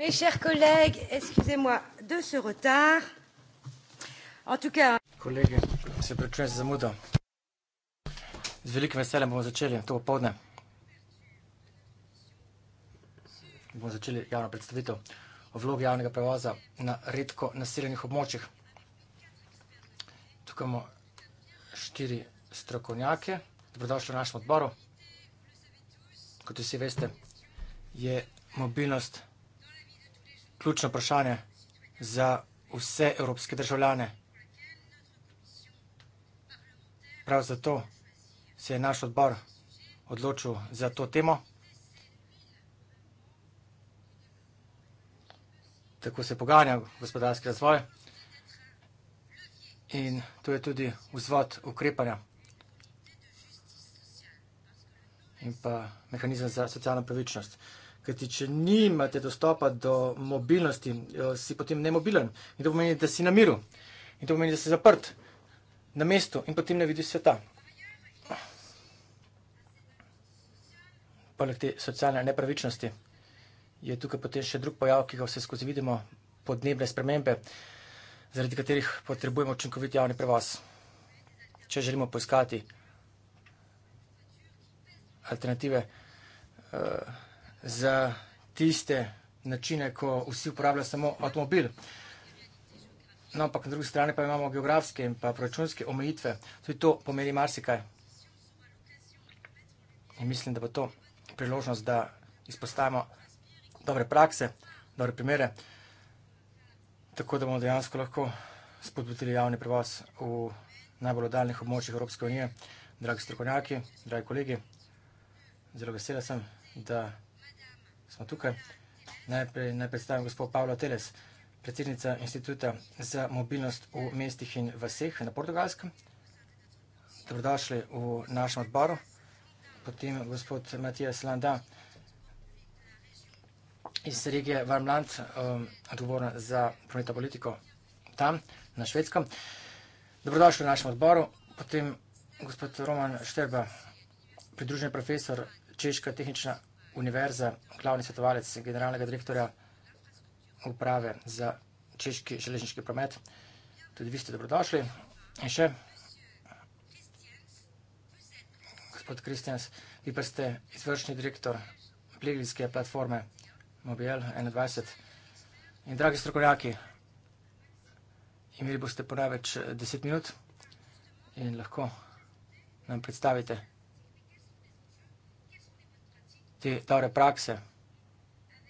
Mes chers collègues, excusez-moi de ce retard. En tout cas. Kolegi, se pričujem z zamudo. Z velikim veseljem bomo začeli to popovdne. Bomo začeli javno predstavitev o vlogi javnega prevoza na redko naseljenih območjih. Tukaj imamo štiri strokovnjake. Dobrodošli v našem odboru. Kot vsi veste, je mobilnost vsega ključno vprašanje za vse evropske državljane. Prav zato se je naš odbor odločil za to temo. Tako se poganja gospodarski razvoj in to je tudi vzvod ukrepanja in pa mehanizem za socialno pravičnost. Ker ti, če nimate dostopa do mobilnosti, eh, si potem nemobilen. In to pomeni, da si na miru. In to pomeni, da si zaprt na mestu in potem ne vidiš sveta. Poleg te socialne nepravičnosti je tukaj potem še drug pojav, ki ga vse skozi vidimo, podnebne spremembe, zaradi katerih potrebujemo učinkovit javni prevoz. Če želimo poiskati eh, alternative. Uh, za tiste načine, ko vsi uporabljajo samo avtomobil. No, ampak na drugi strani pa imamo geografske in pa proračunske omejitve. Tudi to pomeni marsikaj. In mislim, da bo to priložnost, da izpostavimo dobre prakse, dobre primere, tako da bomo dejansko lahko spodbudili javni prevoz v najbolj oddaljenih območjih Evropske unije. Dragi strokovnjaki, dragi kolegi, zelo vesela sem, da smo tukaj. Najprej naj predstavim gospod Pavla Teles, predsednica Instituta za mobilnost v mestih in vseh na Portugalskem. Dobrodošli v našem odboru. Potem gospod Matijas Landa iz regije Varmland, um, odgovorna za prometno politiko tam, na Švedskem. Dobrodošli v našem odboru. Potem gospod Roman Šterba, pridruženi profesor Češka tehnična univerze, glavni svetovalec generalnega direktorja uprave za češki železniški promet. Tudi vi ste dobrodošli. In še, gospod Kristjans, vi pa ste izvršni direktor plegljske platforme Mobile 21. In dragi strokovnjaki, imeli boste po največ 10 minut in lahko nam predstavite, te dobre prakse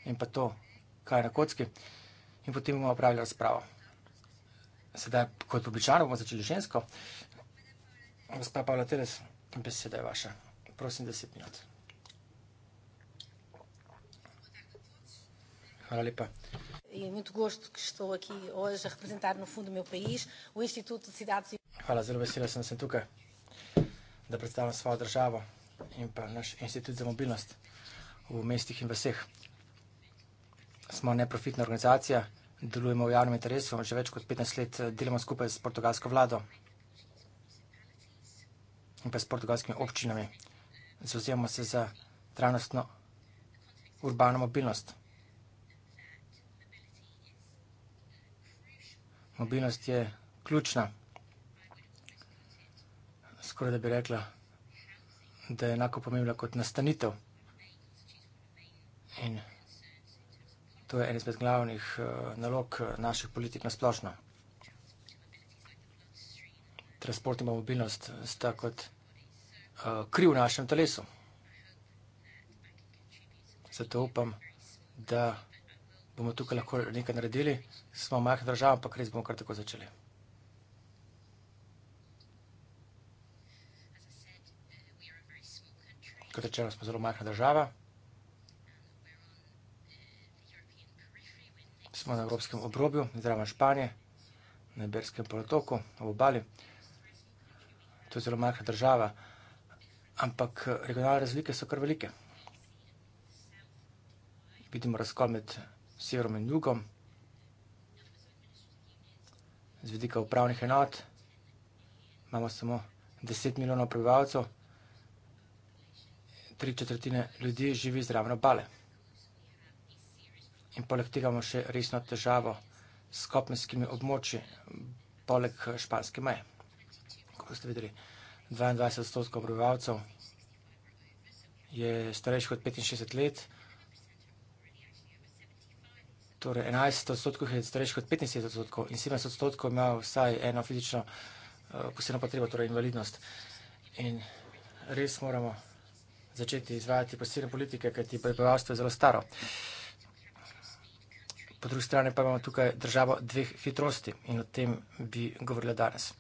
in pa to, kaj je na kocki, in potem bomo opravili razpravo. Sedaj, kot običajno, bomo začeli žensko. Gospa Pavla Teres, beseda je vaša. Prosim, deset minut. Hvala lepa. Hvala, zelo vesela sem, da sem tukaj, da predstavljam svojo državo in pa naš inštitut za mobilnost v mestih in vseh. Smo neprofitna organizacija, delujemo v javnem interesu, že več kot 15 let eh, delamo skupaj s portugalsko vlado in pa s portugalskimi občinami. Zauzemamo se za trajnostno urbano mobilnost. Mobilnost je ključna. Skoraj da bi rekla, da je enako pomembna kot nastanitev. In to je en izmed glavnih eh, nalog eh, naših politik na splošno. Transport in mobilnost eh, sta kot kri v našem telesu. Zato upam, da bomo tukaj lahko nekaj naredili. Smo majhna država, ampak res bomo kar tako začeli. Kot rečeno, smo zelo majhna država. smo na evropskem obrobju, zdravo Španije, na Iberskem polotoku, v obali. To je zelo majhna država, ampak regionalne razlike so kar velike. Vidimo razkol med severom in jugom, z vidika upravnih enot, imamo samo 10 milijonov prebivalcev, tri četrtine ljudi živi zraven obale. In poleg tega imamo še resno težavo s kopenskimi območji, poleg eh, španske meje. Kot ste videli, 22 odstotkov prebivalcev je starejših od 65 let, torej 11 odstotkov je starejših od 75 odstotkov in 70 odstotkov ima vsaj eno fizično eh, posebno potrebo, torej invalidnost. In res moramo začeti izvajati posebne politike, kajti prebivalstvo je zelo staro po drugi strani pa imamo tukaj državo dveh hitrosti in o tem bi govorila danes.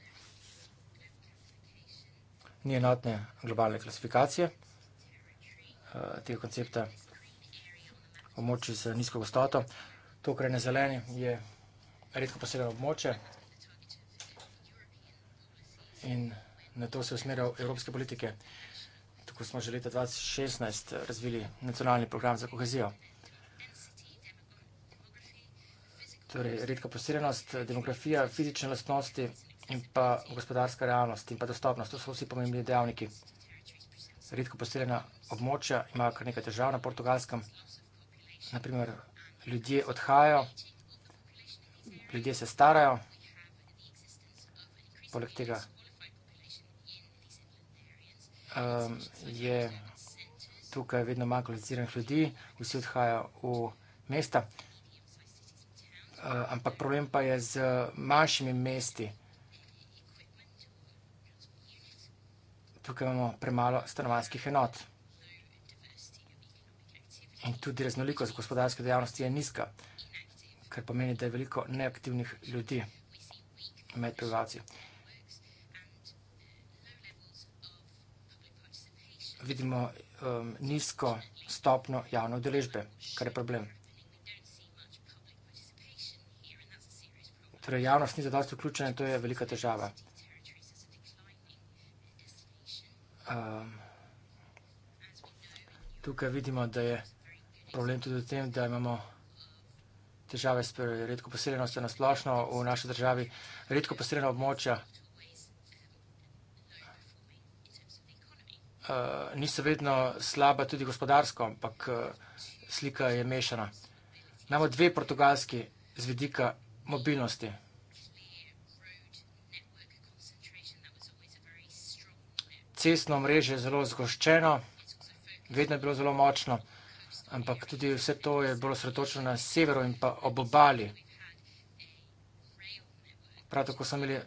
Ni enotne globalne klasifikacije eh, tega koncepta območja z nizko gostoto. To ukrajne zeleni je redko posebno območje in na to se usmerjajo evropske politike. Tako smo že leta 2016 razvili nacionalni program za kohezijo. torej redka poseljenost, demografija, fizične lastnosti in pa gospodarska realnost in pa dostopnost. To so vsi pomembni dejavniki. Redko poseljena območja imajo kar nekaj težav na portugalskem. Naprimer, ljudje odhajajo, ljudje se starajo, poleg tega um, je tukaj vedno manj kvalificiranih ljudi, vsi odhajajo v mesta. Eh, ampak problem pa je z manjšimi mesti. Tukaj imamo premalo stanovanskih enot. In tudi raznolikost gospodarske dejavnosti je nizka, kar pomeni, da je veliko neaktivnih ljudi med prebivalci. Vidimo um, nizko stopno javne udeležbe, kar je problem. Torej, javnost ni zadosti vključena in to je velika težava. Um, tukaj vidimo, da je problem tudi v tem, da imamo težave s redko poseljenostjo na splošno v naši državi, redko poseljena območja. Uh, niso vedno slaba tudi gospodarsko, ampak uh, slika je mešana. Namo dve portugalski z vidika mobilnosti. Cestno mreže je zelo zgoščeno, vedno je bilo zelo močno, ampak tudi vse to je bilo sretočno na severu in pa ob obali. Prav tako smo imeli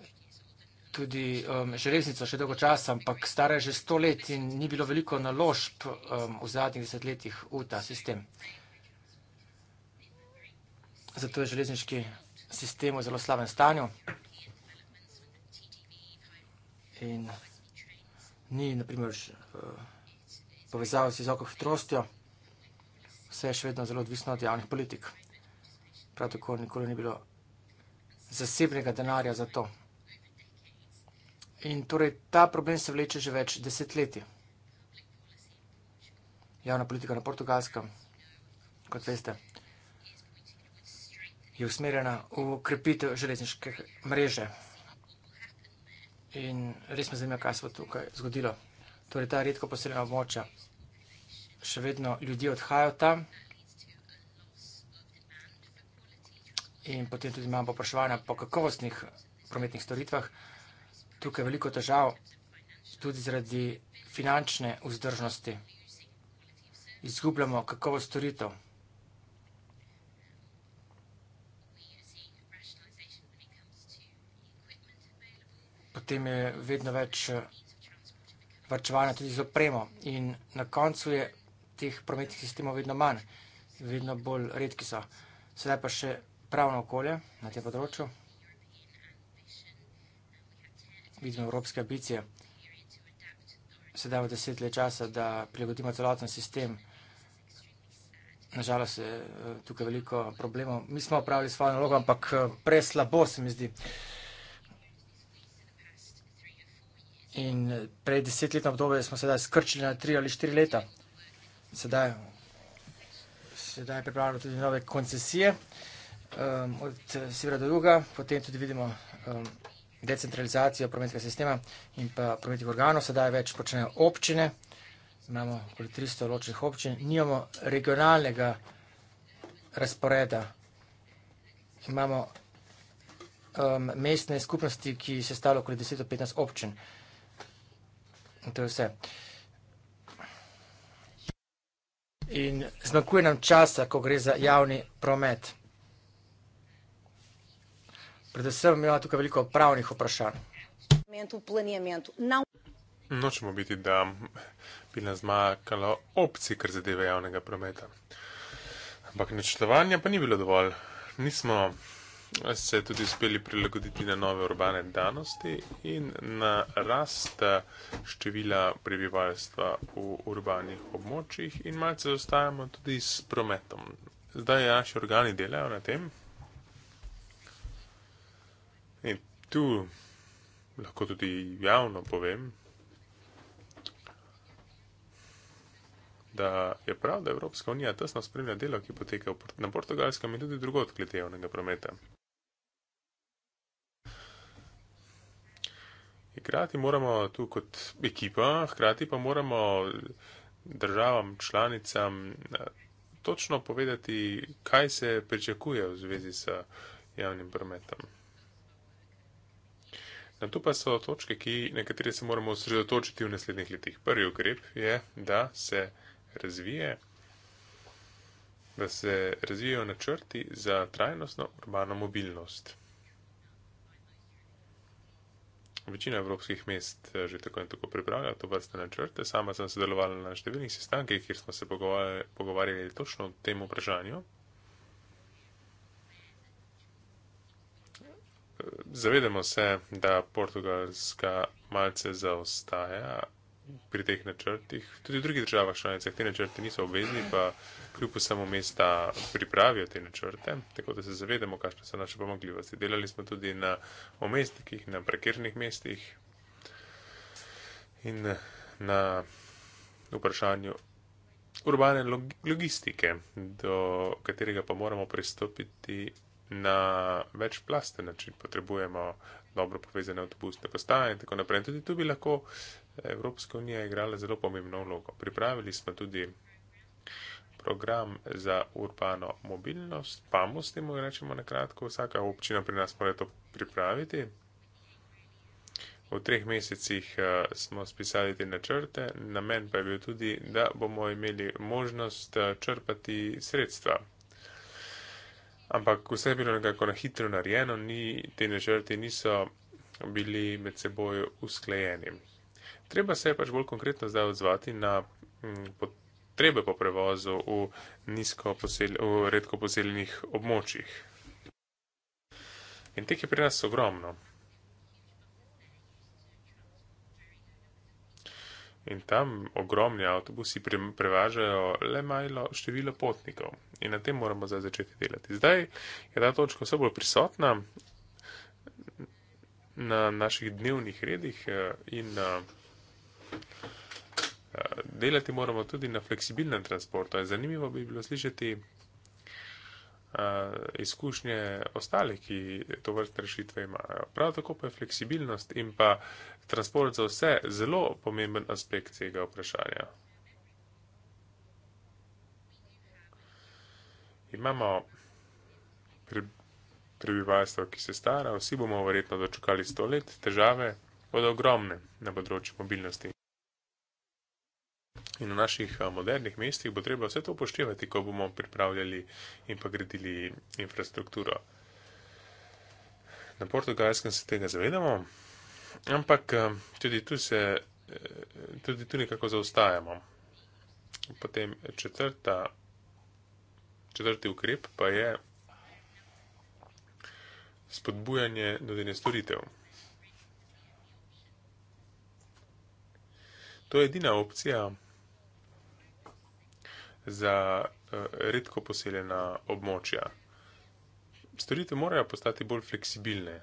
tudi um, železnico še dolgo časa, ampak stare je že sto let in ni bilo veliko naložb um, v zadnjih desetletjih v ta sistem. Zato je železniški sistemu v zelo slabem stanju in ni, na primer, eh, povezav z izoko hitrostjo, vse je še vedno zelo odvisno od javnih politik. Prav tako nikoli ni bilo zasebnega denarja za to. In torej ta problem se vleče že več desetletij. Javna politika na portugalskem, kot veste, je usmerjena v krepitev železniške mreže. In res me zanima, kaj se bo tukaj zgodilo. Torej, ta redko poseljena območja, še vedno ljudje odhajajo tam in potem tudi imamo poprašovanja po kakovostnih prometnih storitvah. Tukaj je veliko težav tudi zaradi finančne vzdržnosti. Izgubljamo kakovost storitev. potem je vedno več eh, varčevanja tudi z opremo in na koncu je teh prometnih sistemov vedno manj, vedno bolj redki so. Sedaj pa še pravno okolje na tem področju. Vidimo evropske ambicije. Sedaj v deset let časa, da prilagodimo celoten sistem. Nažalost je eh, tukaj veliko problemov. Mi smo opravili svojo nalogo, ampak eh, preslabo se mi zdi. In eh, pred desetletno obdobje smo sedaj skrčili na tri ali štiri leta. Sedaj, sedaj je pripravljeno tudi nove koncesije um, od eh, severa do juga, potem tudi vidimo um, decentralizacijo prometnega sistema in pa prometnih organov. Sedaj več počnejo občine, imamo okoli 300 ločnih občin, nimamo regionalnega razporeda. Imamo um, mestne skupnosti, ki se stalo okoli 10-15 občin. In to je vse. In zmanjkuje nam časa, ko gre za javni promet. Predvsem imamo tukaj veliko pravnih vprašanj. Nočemo biti, da bi nas zmakalo opcije, kar zadeve javnega prometa. Ampak načrtovanja pa ni bilo dovolj. Nismo se je tudi uspeli prilagoditi na nove urbane danosti in na rast eh, števila prebivalstva v urbanih območjih in malce zostajamo tudi s prometom. Zdaj naši organi delajo na tem. In tu lahko tudi javno povem, da je prav, da Evropska unija tesno spremlja delo, ki poteka na portugalskem in tudi drugot glede javnega prometa. Hkrati moramo tu kot ekipa, hkrati pa moramo državam, članicam eh, točno povedati, kaj se pričakuje v zvezi s javnim prometom. Na to pa so točke, ki, na katere se moramo osredotočiti v naslednjih letih. Prvi ukrep je, da se razvije, da se razvijajo načrti za trajnostno urbano mobilnost. Večina evropskih mest eh, že tako in tako pripravlja to vrste načrte. Sama sem sodelovala na številnih sestankih, kjer smo se pogovarjali, pogovarjali točno o tem vprašanju. Eh, zavedamo se, da Portugalska malce zaostaja, pri teh načrtih. Tudi v drugih državah članicah ti načrti niso obvezni, pa kljub samo mesta pripravijo te načrte, tako da se zavedamo, kakšne so naše pomagljivosti. Delali smo tudi na omestnikih, na prekernih mestih in na vprašanju urbane log logistike, do katerega pa moramo pristopiti na večplasten način. Potrebujemo dobro povezane avtobusne postaje in tako naprej. In tudi tu bi lahko uh, Evropska unija je igrala zelo pomembno vlogo. Pripravili smo tudi program za urbano mobilnost, PAMUS, temu rečemo na kratko, vsaka občina pri nas mora to pripraviti. V treh mesecih eh, smo spisali te načrte, namen pa je bil tudi, da bomo imeli možnost eh, črpati sredstva. Ampak vse je bilo nekako na hitro narejeno, ni, te načrti niso bili med seboj usklajeni. Treba se je pač bolj konkretno zdaj odzvati na mm, potrebe po prevozu v, posel, v redko poseljenih območjih. In teh je pri nas ogromno. In tam ogromni avtobusi prevažajo le majlo število potnikov. In na tem moramo zdaj začeti delati. Zdaj je ta točka vse bolj prisotna na naših dnevnih redih eh, in na. Eh, Delati moramo tudi na fleksibilnem transportu. Zanimivo bi bilo slišati izkušnje ostalih, ki to vrst rešitve imajo. Prav tako pa je fleksibilnost in pa transport za vse zelo pomemben aspekt tega vprašanja. Imamo prebivalstvo, ki se stara, vsi bomo verjetno dočekali sto let, težave bodo ogromne na področju mobilnosti in v naših modernih mestih bo treba vse to upoštevati, ko bomo pripravljali in pa gradili infrastrukturo. Na portugalskem se tega zavedamo, ampak tudi tu se, e, tudi tu nekako zaostajamo. Potem četrta, četrti ukrep pa je spodbujanje nudenja storitev. To je edina opcija, za uh, redko poseljena območja. Storitve morajo postati bolj fleksibilne.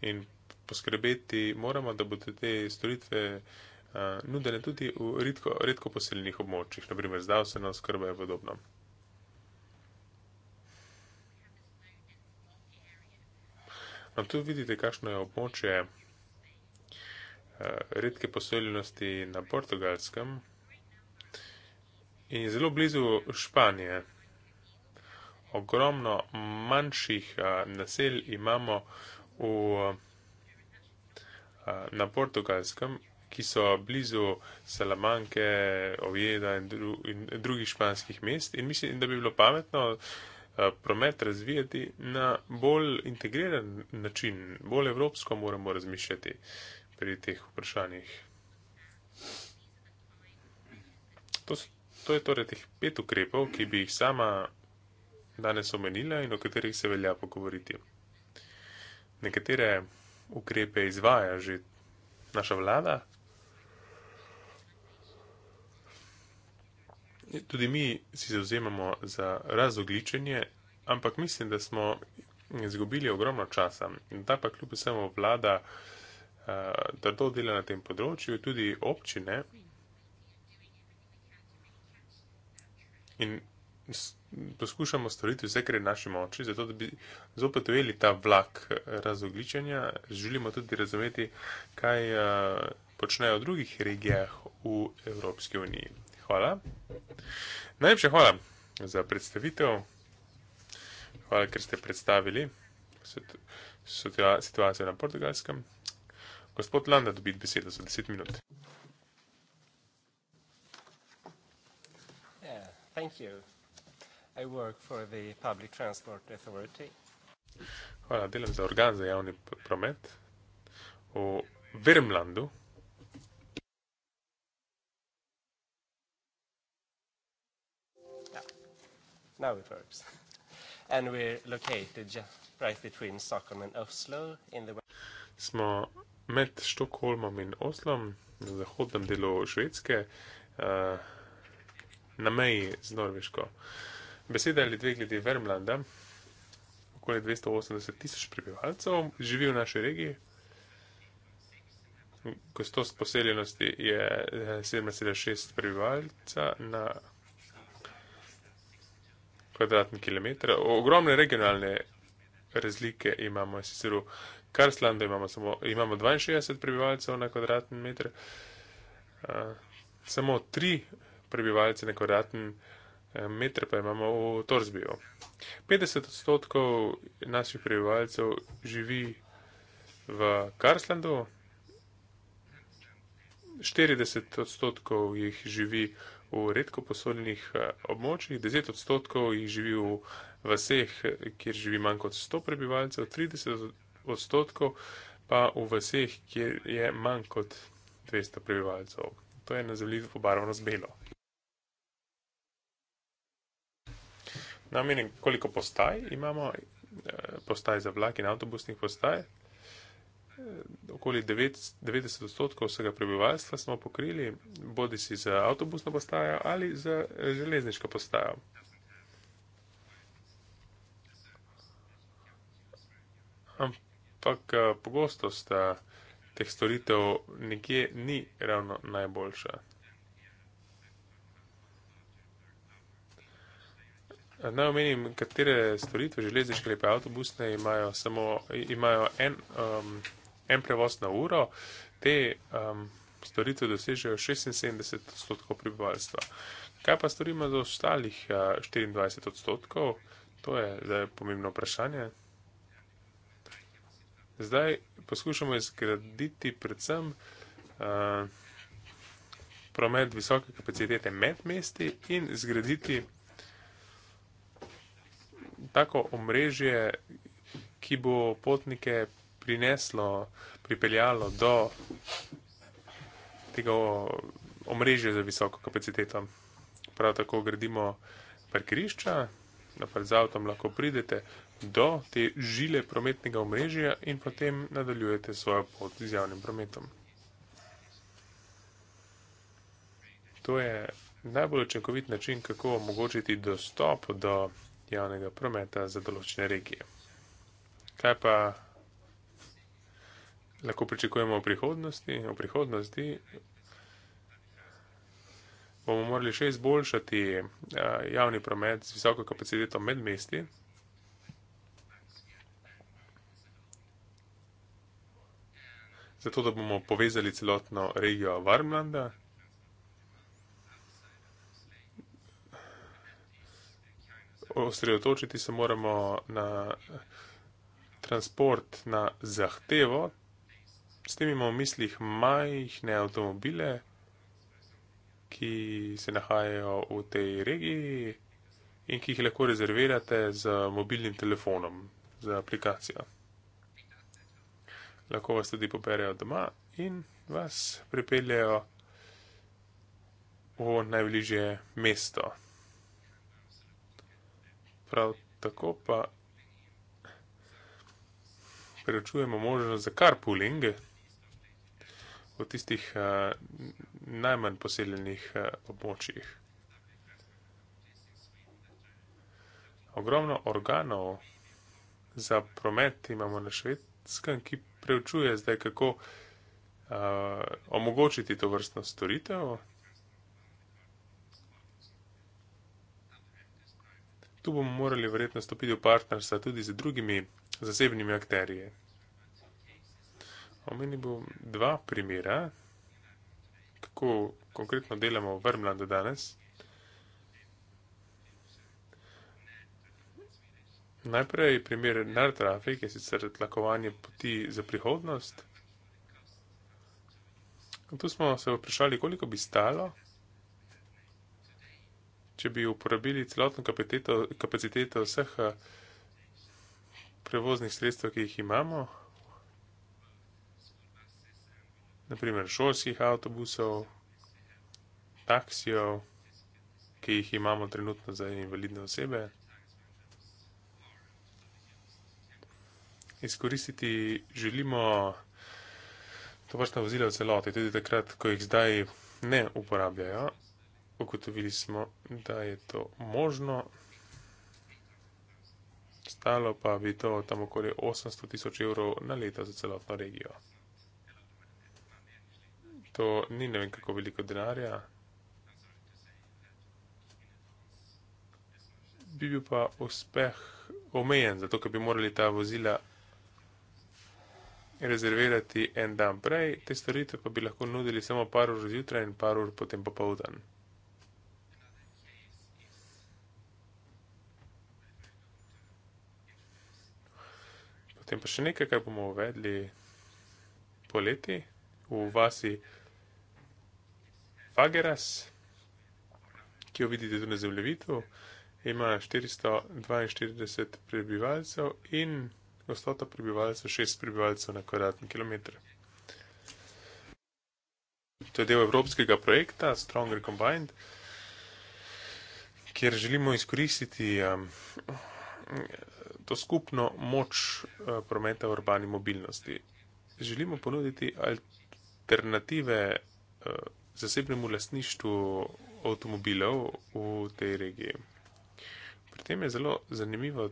In poskrbeti moramo, da bodo te storitve uh, nudene tudi v redko, redko poseljenih območjih, naprimer zdravstveno skrbo in podobno. No, tu vidite, kakšno je območje Eh, redke poseljenosti na portugalskem in je zelo blizu Španije. Ogromno manjših eh, naselj imamo v, eh, na portugalskem, ki so blizu Salamanke, Ojeda in, dru, in drugih španskih mest in mislim, da bi bilo pametno promet razvijati na bolj integriran način, bolj evropsko moramo razmišljati. Uh, pri teh vprašanjih. To, to je torej teh pet ukrepov, ki bi jih sama danes omenila in o katerih se velja pogovoriti. Nekatere ukrepe izvaja že naša vlada. Tudi mi si zauzemamo za razogličenje, ampak mislim, da smo izgubili ogromno časa. Ta pa kljub vsemu vlada. Eh, trdo dela na tem področju, tudi občine. In poskušamo storiti vse, kar je v naši moči, zato da bi zopet ujeli ta vlak eh, razogličenja. Želimo tudi razumeti, kaj eh, počnejo v drugih regijah v Evropski uniji. Hvala. Najlepša hvala za predstavitev. Hvala, ker ste predstavili situacijo na portugalskem. Gospod Landa dobi besedo za 10 minut. Yeah, Hvala, delam za organ za javni promet v Virmlandu. Now it works. And we're located just right between Stockholm and Oslo in the Smo med Štokholmom in Oslom, na zahodnem delu Švedske, eh, na meji z Norveško. Beseda ali dve glede Vermlanda, okoli 280 tisoč prebivalcev živi v naši regiji. Gostost poseljenosti je 7,6 eh, prebivalca na kvadratni kilometr. Ogromne regionalne razlike imamo sicer v kar slando imamo, samo imamo 62 prebivalcev na kvadratni meter, samo 3 prebivalce na kvadratni meter pa imamo v Torzbiju. 50 odstotkov naših prebivalcev živi v Karslandu, 40 odstotkov jih živi v redko posoljenih območjih, 10 odstotkov jih živi v vseh, kjer živi manj kot 100 prebivalcev, 30 odstotkov, pa v vseh, kjer je manj kot 200 prebivalcev. To je na zemljišču pobarvano z belo. No, menim, koliko postaj imamo, eh, postaj za vlak in avtobusnih postaj. Eh, okoli 90 odstotkov vsega prebivalstva smo pokrili, bodi si za avtobusno postajo ali za eh, železniško postajo. Ampak ampak eh, pogostost teh storitev nekje ni ravno najboljša. Naj omenim, katere storitve železniške ali pa avtobusne imajo, samo, imajo en, um, en prevoz na uro. Te um, storitve dosežejo 76 odstotkov prebivalstva. Kaj pa storimo za ostalih 24 eh, odstotkov? To je, je pomembno vprašanje. Zdaj poskušamo izgraditi predvsem uh, promet visoke kapacitete med mesti in zgraditi tako omrežje, ki bo potnike prineslo, pripeljalo do tega omrežja za visoko kapaciteto. Prav tako gradimo parkirišča, naprej z avtom lahko pridete, do te žile prometnega omrežja in potem nadaljujete svojo pot z javnim prometom. To je najbolj učinkovit način, kako omogočiti dostop do javnega prometa za določene regije. Kaj pa lahko pričakujemo v prihodnosti? V prihodnosti bomo morali še izboljšati javni promet z visoko kapaciteto med mesti, zato da bomo povezali celotno regijo Varmlanda. Osredotočiti se moramo na transport na zahtevo. S tem imamo v mislih majhne avtomobile, ki se nahajajo v tej regiji in ki jih lahko rezervirate z mobilnim telefonom, z aplikacijo lahko vas tudi poperejo doma in vas pripeljejo v najbližje mesto. Prav tako pa preučujemo možnost za carpooling v tistih uh, najmanj poseljenih uh, območjih. Ogromno organov za promet imamo na Švedsku. Skan, ki preučuje zdaj, kako uh, omogočiti to vrstno storitev. Tu bomo morali verjetno stopiti v partnerstva tudi z drugimi zasebnimi akterije. Omenil bom dva primera, kako konkretno delamo v Vrmlandu danes. Najprej primer Nartrafik je sicer tlakovanje poti za prihodnost. Tu smo se vprašali, koliko bi stalo, če bi uporabili celotno kapaciteto, kapaciteto vseh eh, prevoznih sredstev, ki jih imamo, naprimer šolskih avtobusov, taksijev, ki jih imamo trenutno za invalidne osebe. izkoristiti želimo to vrstna vozila v celoti, tudi takrat, ko jih zdaj ne uporabljajo. Ugotovili smo, da je to možno. Stalo pa bi to tam okoli 800 tisoč evrov na leto za celotno regijo. To ni ne vem kako veliko denarja. Bi bil pa uspeh omejen, zato ker bi morali ta vozila rezervirati en dan prej, te storitve pa bi lahko nudili samo par ur zjutraj in par ur potem popovdan. Potem pa še nekaj, kar bomo uvedli poleti v vasi Fageras, ki jo vidite tudi na zemljevitu. Ima 442 prebivalcev in na 100 prebivalcev 6 prebivalcev na kvadratni kilometr. To je del evropskega projekta Stronger Combined, kjer želimo izkoristiti um, to skupno moč uh, prometa v urbani mobilnosti. Želimo ponuditi alternative uh, zasebnemu lasništvu avtomobilov v tej regiji. Pri tem je zelo zanimivo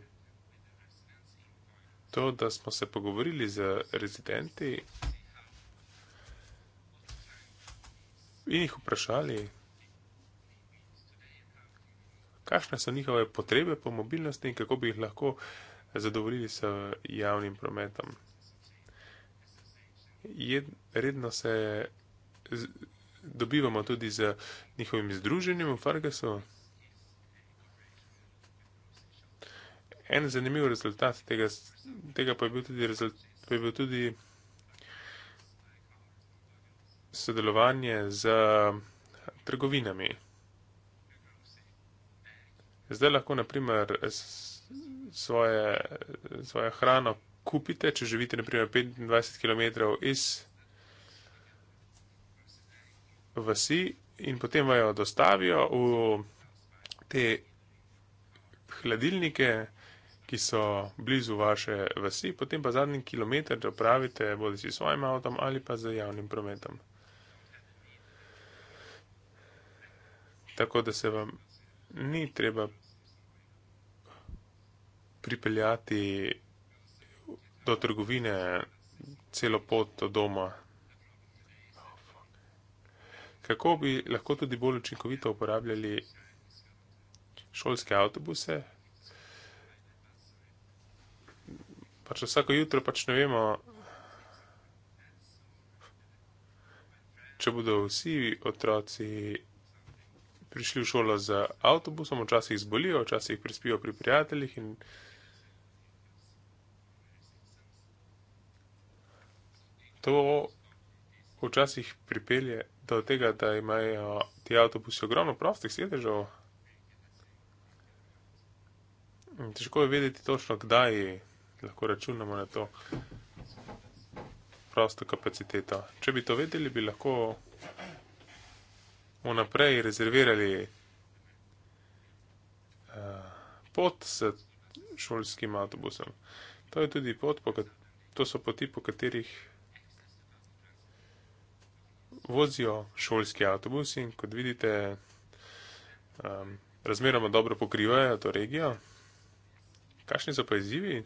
to, da smo se pogovorili z rezidenti in jih vprašali, kakšne so njihove potrebe po mobilnosti in kako bi jih lahko zadovoljili s javnim prometom. Jed, redno se z, dobivamo tudi z njihovim združenjem v Fargasu. En zanimiv rezultat tega, tega pa, je bil tudi rezult, pa je bil tudi sodelovanje z trgovinami. Zdaj lahko naprimer svoje, svoje hrano kupite, če živite naprimer 25 km iz vasi in potem vajo dostavijo v te hladilnike, ki so blizu vaše vasi, potem pa zadnji kilometr dopravite bodi si svojim avtom ali pa z javnim prometom. Tako da se vam ni treba pripeljati do trgovine celo pot do doma. Kako bi lahko tudi bolj učinkovito uporabljali šolske avtobuse, pač vsako jutro pač ne vemo, če bodo vsi otroci prišli v šolo z avtobusom, včasih zbolijo, včasih prispijo pri prijateljih in to včasih pripelje do tega, da imajo ti avtobusi ogromno prostih sedežev. Težko je vedeti točno, kdaj je lahko računamo na to prosto kapaciteto. Če bi to vedeli, bi lahko vnaprej rezervirali uh, pot s šolskim avtobusom. To je tudi pot, to so poti, po katerih vozijo šolski avtobus in kot vidite, um, razmeroma dobro pokrivajo to regijo. Kakšni so pa izzivi?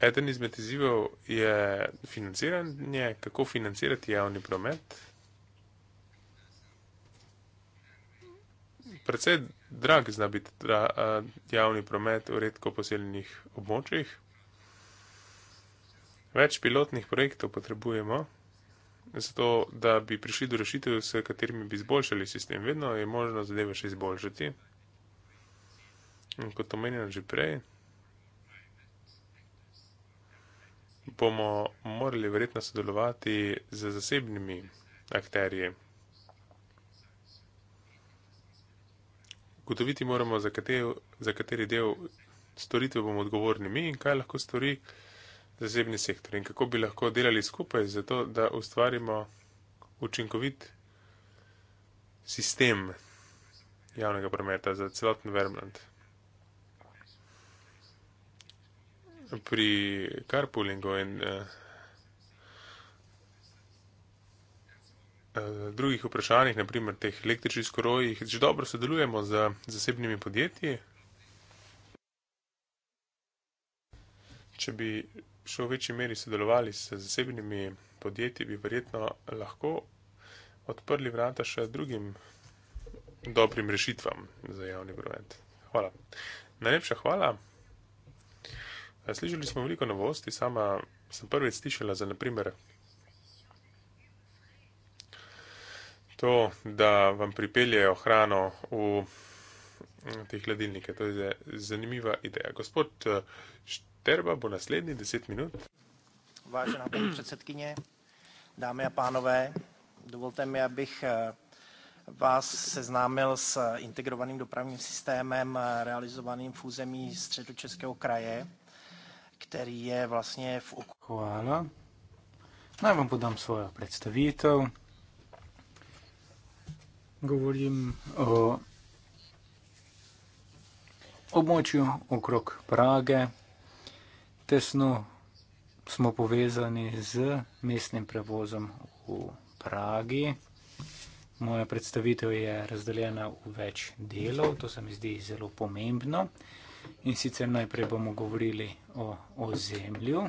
Eden izmed izzivov je financiranje, kako financirati javni promet. Predvsej drag zna biti dra, javni promet v redko poseljenih območjih. Več pilotnih projektov potrebujemo, zato da bi prišli do rešitev, s katerimi bi izboljšali sistem. Vedno je možno zadeve še izboljšati. In kot omenjeno že prej. bomo morali verjetno sodelovati z zasebnimi akterji. Gotoviti moramo, za kateri, za kateri del storitev bomo odgovorni mi in kaj lahko stori zasebni sektor in kako bi lahko delali skupaj za to, da ustvarimo učinkovit sistem javnega prometa za celoten Vermont. pri carpoolingu in eh, eh drugih vprašanjih, naprimer teh električnih skorojih, že dobro sodelujemo z zasebnimi podjetji. Če bi še v večji meri sodelovali s zasebnimi podjetji, bi verjetno lahko odprli vrata še drugim dobrim rešitvam za javni promet. Hvala. Najlepša hvala. Slišali smo veliko novosti, sama sem prvič slišala za naprimer to, da vam pripeljejo hrano v te hladilnike. To je zanimiva ideja. Gospod eh, Šterba bo naslednji deset minut. Vážená paní předsedkyně, dámy a pánové, dovolte mi, abych eh, vás seznámil s integrovaným dopravním systémem eh, realizovaným v území středočeského kraje který je vlastně v Koala. No já vám podám svoje představitel. Govorím o območju okrog Prage. Tesno smo povezani z mestnim prevozom v Pragi. Moja predstavitev je razdeljena v več delov, to se mi zdi zelo pomembno. In sicer najprej bomo govorili o ozemlju.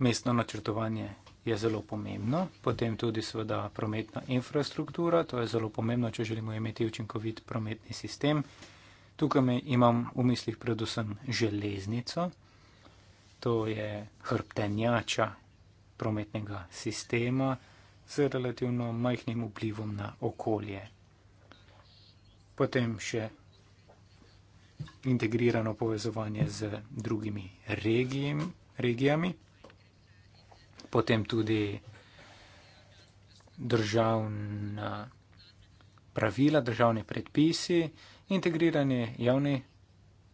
Mestno načrtovanje je zelo pomembno, potem tudi seveda prometna infrastruktura, to je zelo pomembno, če želimo imeti učinkovit prometni sistem. Tukaj imam v mislih predvsem železnico, to je hrbtenjača prometnega sistema z relativno majhnim vplivom na okolje potem še integrirano povezovanje z drugimi regijim, regijami, potem tudi državna pravila, državni predpisi, integriranje javni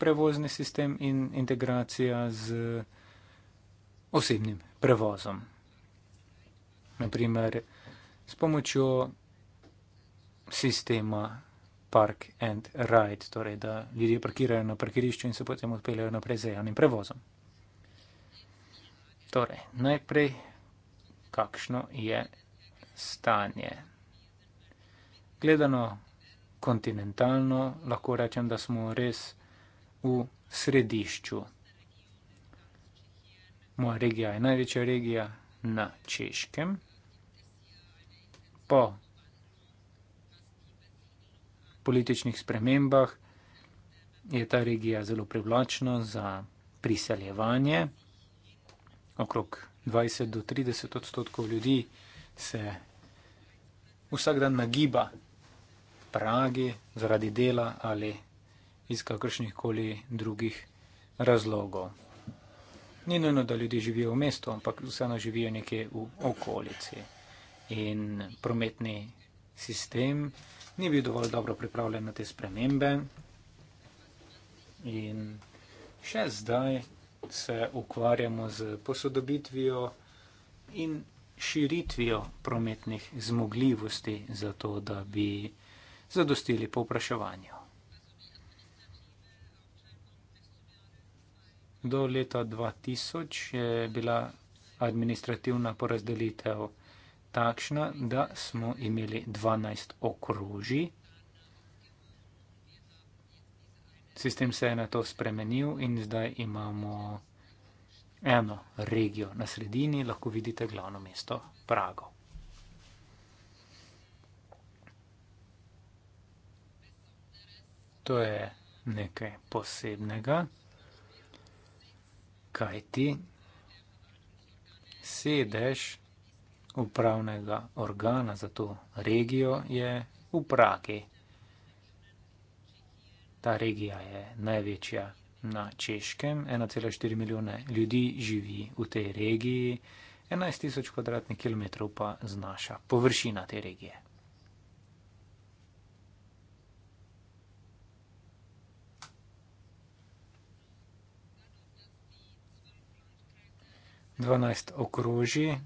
prevozni sistem in integracija z osebnim prevozom. Naprimer, s pomočjo sistema park and ride, torej da ljudje parkirajo na parkirišču in se potem odpeljajo naprej z javnim prevozom. Torej, najprej, kakšno je stanje? Gledano kontinentalno, lahko rečem, da smo res v središču. Moja regija je največja regija na Češkem. Po političnih spremembah je ta regija zelo privlačna za priseljevanje. Okrog 20 do 30 odstotkov ljudi se vsak dan nagiba Pragi zaradi dela ali iz kakršnih koli drugih razlogov. Ni nujno, da ljudje živijo v mestu, ampak vseeno živijo nekje v okolici. In prometni sistem ni bil dovolj dobro pripravljen na te spremembe. In še zdaj se ukvarjamo z posodobitvijo in širitvijo prometnih zmogljivosti, zato da bi zadostili povpraševanju. Do leta 2000 je bila administrativna porazdelitev takšna, da smo imeli 12 okrožij. Sistem se je na to spremenil in zdaj imamo eno regijo na sredini, lahko vidite glavno mesto Prago. To je nekaj posebnega, kajti sedež upravnega organa za to regijo je v Pragi. Ta regija je največja na Češkem, 1,4 milijone ljudi živi v tej regiji, 11 tisoč kvadratnih kilometrov pa znaša površina te regije. Dvanajst okroži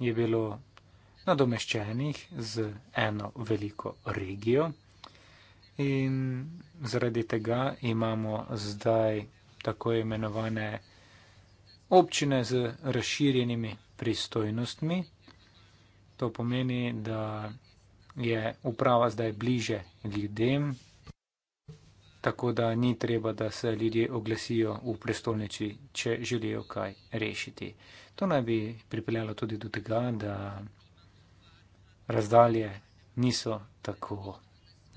je bilo nadomeščenih z eno veliko regijo in zaradi tega imamo zdaj tako imenovane občine z razširjenimi pristojnostmi. To pomeni, da je uprava zdaj bliže ljudem, tako da ni treba, da se ljudje oglasijo v prestolnici, če želijo kaj rešiti. To naj bi pripeljalo tudi do tega, da razdalje niso tako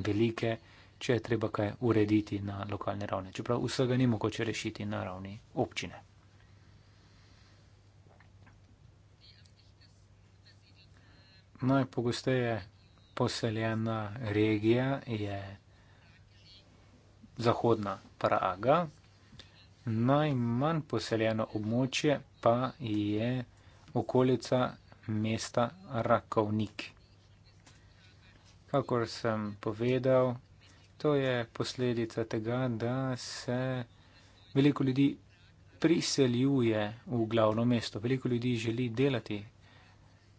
velike, če je treba kaj urediti na lokalni ravni. Čeprav vsega ni mogoče rešiti na ravni občine. Najpogosteje poseljena regija je zahodna Praga. Najmanj poseljeno območje pa je okolica mesta Rakovnik. Kakor sem povedal, to je posledica tega, da se veliko ljudi priseljuje v glavno mesto. Veliko ljudi želi delati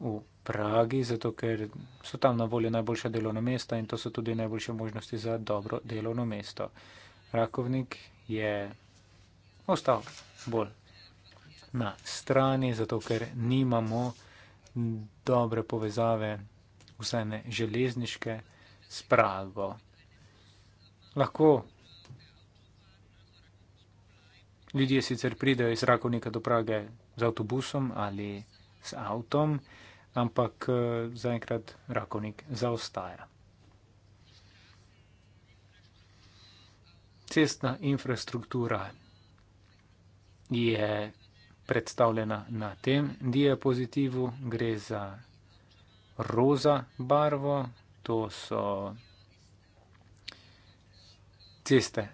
v Pragi, zato ker so tam na voljo najboljša delovna mesta in to so tudi najboljše možnosti za dobro delovno mesto. Rakovnik je ostal bolj na strani, zato ker nimamo dobre povezave, vsaj ne železniške, s Prago. Lahko ljudje sicer pridejo iz Rakovnika do Prage z avtobusom ali s avtom, ampak eh, zaenkrat Rakovnik zaostaja. Cestna infrastruktura je predstavljena na tem diapozitivu, gre za roza barvo, to so ceste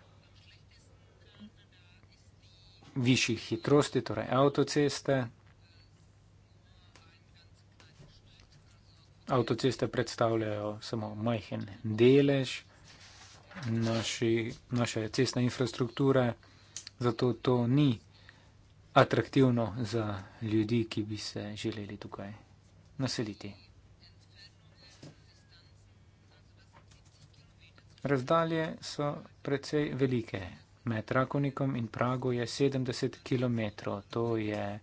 višjih hitrosti, torej avtoceste. Avtoceste predstavljajo samo majhen delež naši, naše cestne infrastrukture, zato to ni atraktivno za ljudi, ki bi se želeli tukaj naseliti. Razdalje so precej velike. Med Rakovnikom in Prago je 70 km. To je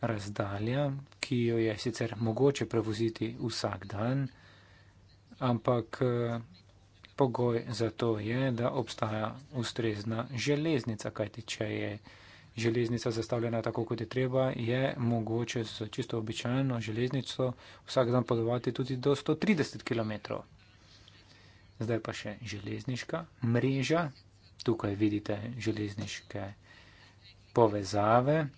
razdalja, ki jo je sicer mogoče prevoziti vsak dan, ampak eh, pogoj za to je, da obstaja ustrezna železnica, kajti če je železnica zastavljena tako, kot je treba, je mogoče s čisto običajno železnico vsak dan podovati tudi do 130 km. Zdaj pa še železniška mreža. Tukaj vidite železniške povezave.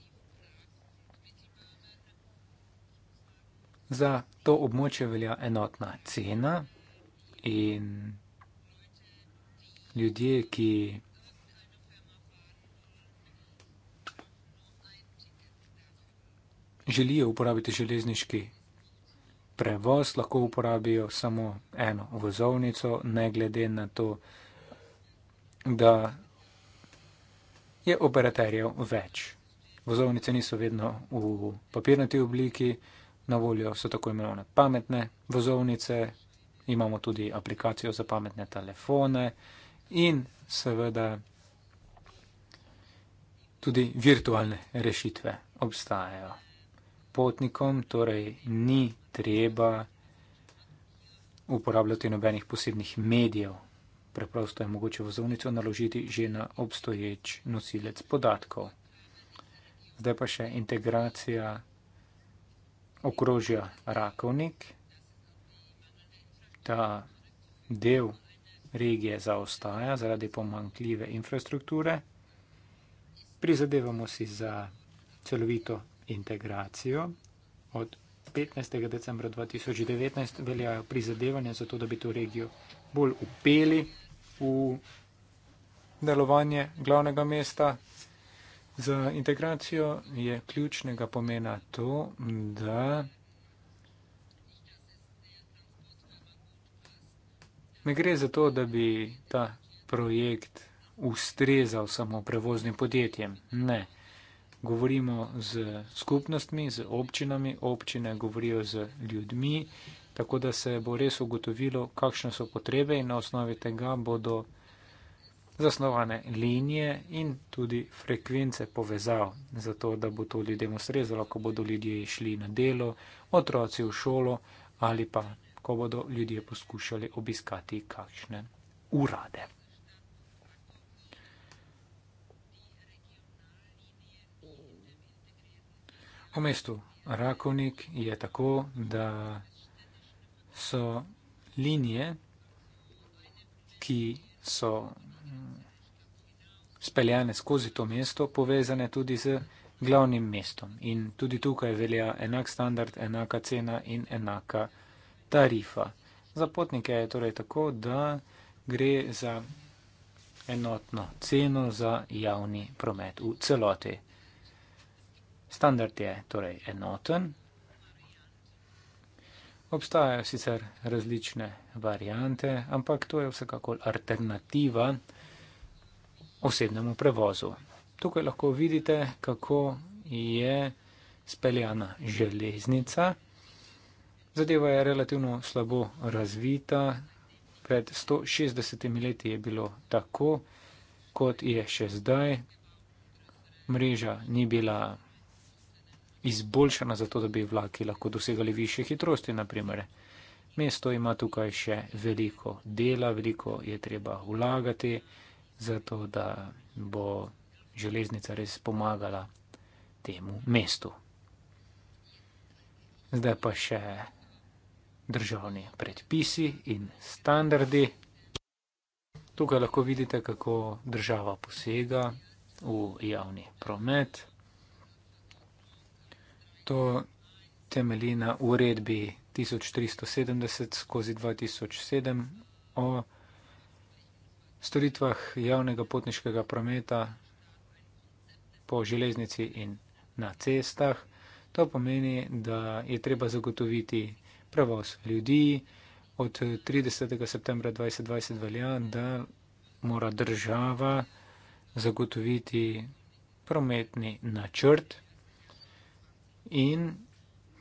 Za to območje velja enotna cena in ljudje, ki želijo uporabiti železniški prevoz, lahko uporabijo samo eno vozovnico, ne glede na to, da je operaterjev več. Vozovnice niso vedno v papirnati obliki, na voljo so tako imenovane pametne vozovnice, imamo tudi aplikacijo za pametne telefone in seveda tudi virtualne rešitve obstajajo potnikom, torej ni treba uporabljati nobenih posebnih medijev. Preprosto je mogoče vozovnico naložiti že na obstoječ nosilec podatkov. Zdaj pa še integracija okrožja Rakovnik. Ta del regije zaostaja zaradi pomankljive infrastrukture. Prizadevamo si za celovito integracijo. Od 15. decembra 2019 veljajo prizadevanja za to, da bi to regijo bolj upeli v delovanje glavnega mesta. Za integracijo je ključnega pomena to, da ne gre za to, da bi ta projekt ustrezal samo prevoznim podjetjem. Ne govorimo z skupnostmi, z občinami, občine govorijo z ljudmi, tako da se bo res ugotovilo, kakšne so potrebe in na osnovi tega bodo zasnovane linije in tudi frekvence povezav, zato da bo to ljudem ustrezalo, ko bodo ljudje išli na delo, otroci v šolo ali pa ko bodo ljudje poskušali obiskati kakšne urade. V mestu Rakovnik je tako, da so linije, ki so mm, speljane skozi to mesto, povezane tudi z glavnim mestom. In tudi tukaj velja enak standard, enaka cena in enaka tarifa. Za potnike je torej tako, da gre za enotno ceno za javni promet v celoti. Standard je torej enoten. Obstajajo sicer različne variante, ampak to je vsekakor alternativa osebnemu prevozu. Tukaj lahko vidite, kako je speljana železnica. Zadeva je relativno slabo razvita. Pred 160 leti je bilo tako, kot je še zdaj. Mreža ni bila izboljšana zato, da bi vlaki lahko dosegali više hitrosti. Naprimer. Mesto ima tukaj še veliko dela, veliko je treba vlagati, zato da bo železnica res pomagala temu mestu. Zdaj pa še državni predpisi in standardi. Tukaj lahko vidite, kako država posega v javni promet to temelji na uredbi 1370 skozi 2007 o storitvah javnega potniškega prometa po železnici in na cestah. To pomeni, da je treba zagotoviti prevoz ljudi. Od 30. septembra 2020 velja, da mora država zagotoviti prometni načrt, in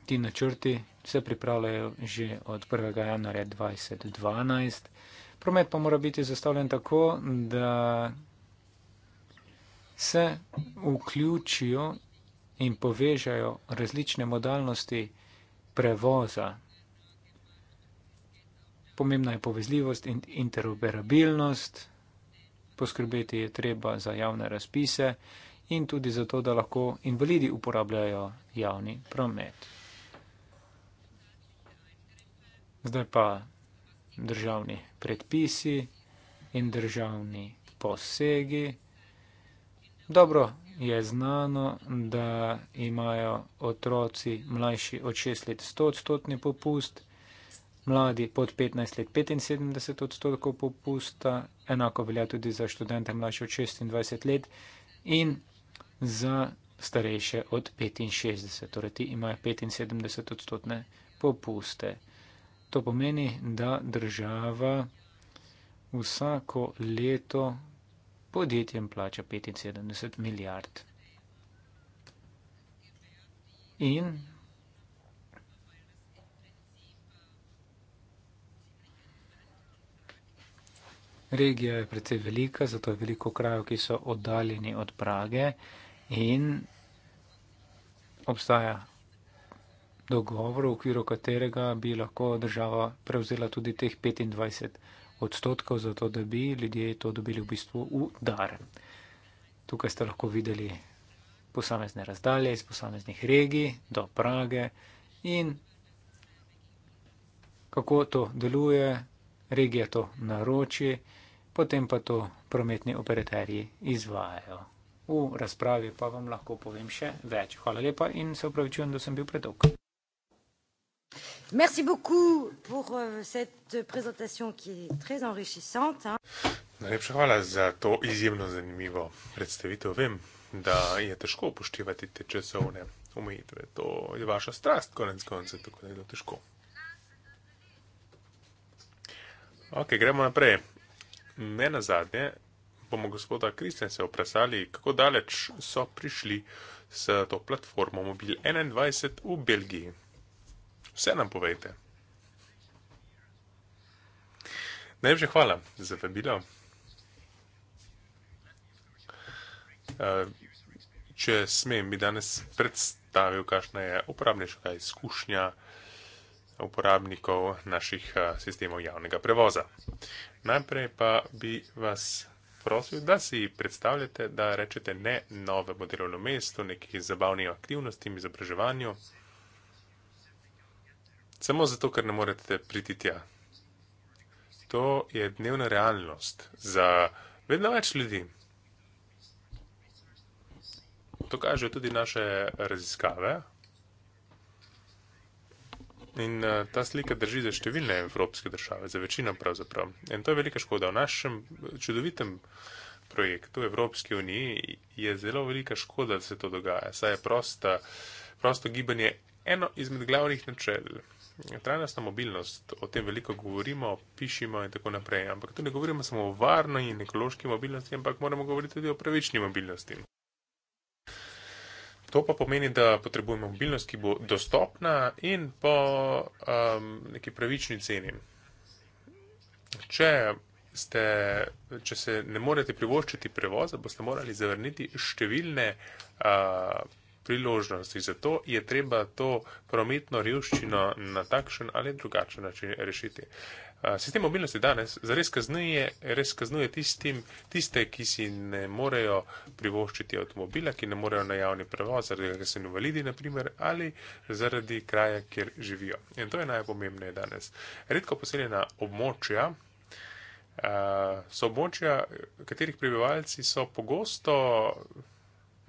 ti načrti se pripravljajo že od 1. januarja 2012. Promet pa mora biti zastavljen tako, da se vključijo in povežajo različne modalnosti prevoza. Pomembna je povezljivost in interoperabilnost, poskrbeti je treba za javne razpise, in tudi zato, da lahko invalidi uporabljajo javni promet. Zdaj pa državni predpisi in državni posegi. Dobro je znano, da imajo otroci mlajši od 6 let 100 odstotni popust, mladi pod 15 let 75 odstotkov popusta, enako velja tudi za študente mlajši od 26 let in za starejše od 65, torej ti imajo 75 odstotne popuste. To pomeni, da država vsako leto podjetjem plača 75 milijard. In regija je precej velika, zato je veliko krajev, ki so oddaljeni od Prage in obstaja dogovor, v okviru katerega bi lahko država prevzela tudi teh 25 odstotkov, zato da bi ljudje to dobili v bistvu v dar. Tukaj ste lahko videli posamezne razdalje iz posameznih regij do Prage in kako to deluje, regija to naroči, potem pa to prometni operaterji izvajajo v razpravi pa vam lahko povem še več. Hvala lepa in se upravičujem, da sem bil predolg. Merci beaucoup pour euh, cette présentation qui est très enrichissante. Najlepša hvala za to izjemno zanimivo predstavitev. Vem, da je težko upoštevati te časovne omejitve. To je vaša strast, konec konca, tako da je to težko. Ok, gremo naprej. Ne na zadnje, bomo gospoda Kristjana vprašali, kako daleč so prišli s to platformo Mobil 21 v Belgiji. Vse nam povejte. Najlepša hvala za vabilo. Eh, če smem, bi danes predstavil, kakšna je uporabniška izkušnja uporabnikov naših eh, sistemov javnega prevoza. Najprej pa bi vas prosil, da si predstavljate, da rečete ne novemu delovnu mestu, nekih zabavnih aktivnosti, izobraževanju, samo zato, ker ne morete priti tja. To je dnevna realnost za vedno več ljudi. To kažejo tudi naše raziskave. In uh, ta slika drži za številne evropske države, za večino pravzaprav. In to je velika škoda. V našem eh, čudovitem projektu Evropske unije je zelo velika škoda, da se to dogaja. Saj je prosta, prosto gibanje eno izmed glavnih načel. Trajnostna mobilnost, o tem veliko govorimo, pišemo in tako naprej, ampak tu ne govorimo samo o varni in ekološki mobilnosti, ampak moramo govoriti tudi o pravični mobilnosti. To pa pomeni, da potrebujemo mobilnost, ki bo dostopna in po um, neki pravični ceni. Če, ste, če se ne morete privoščiti prevoza, boste morali zavrniti številne uh, priložnosti. Zato je treba to prometno revščino na takšen ali drugačen način rešiti. Uh, sistem mobilnosti danes zares kaznuje, res kaznuje tistim, tiste, ki si ne morejo privoščiti avtomobila, ki ne morejo na javni prevoz, zaradi tega, ker so invalidi, naprimer, ali zaradi kraja, kjer živijo. In to je najpomembnejše danes. Redko poseljena območja. Uh, so območja, katerih prebivalci so pogosto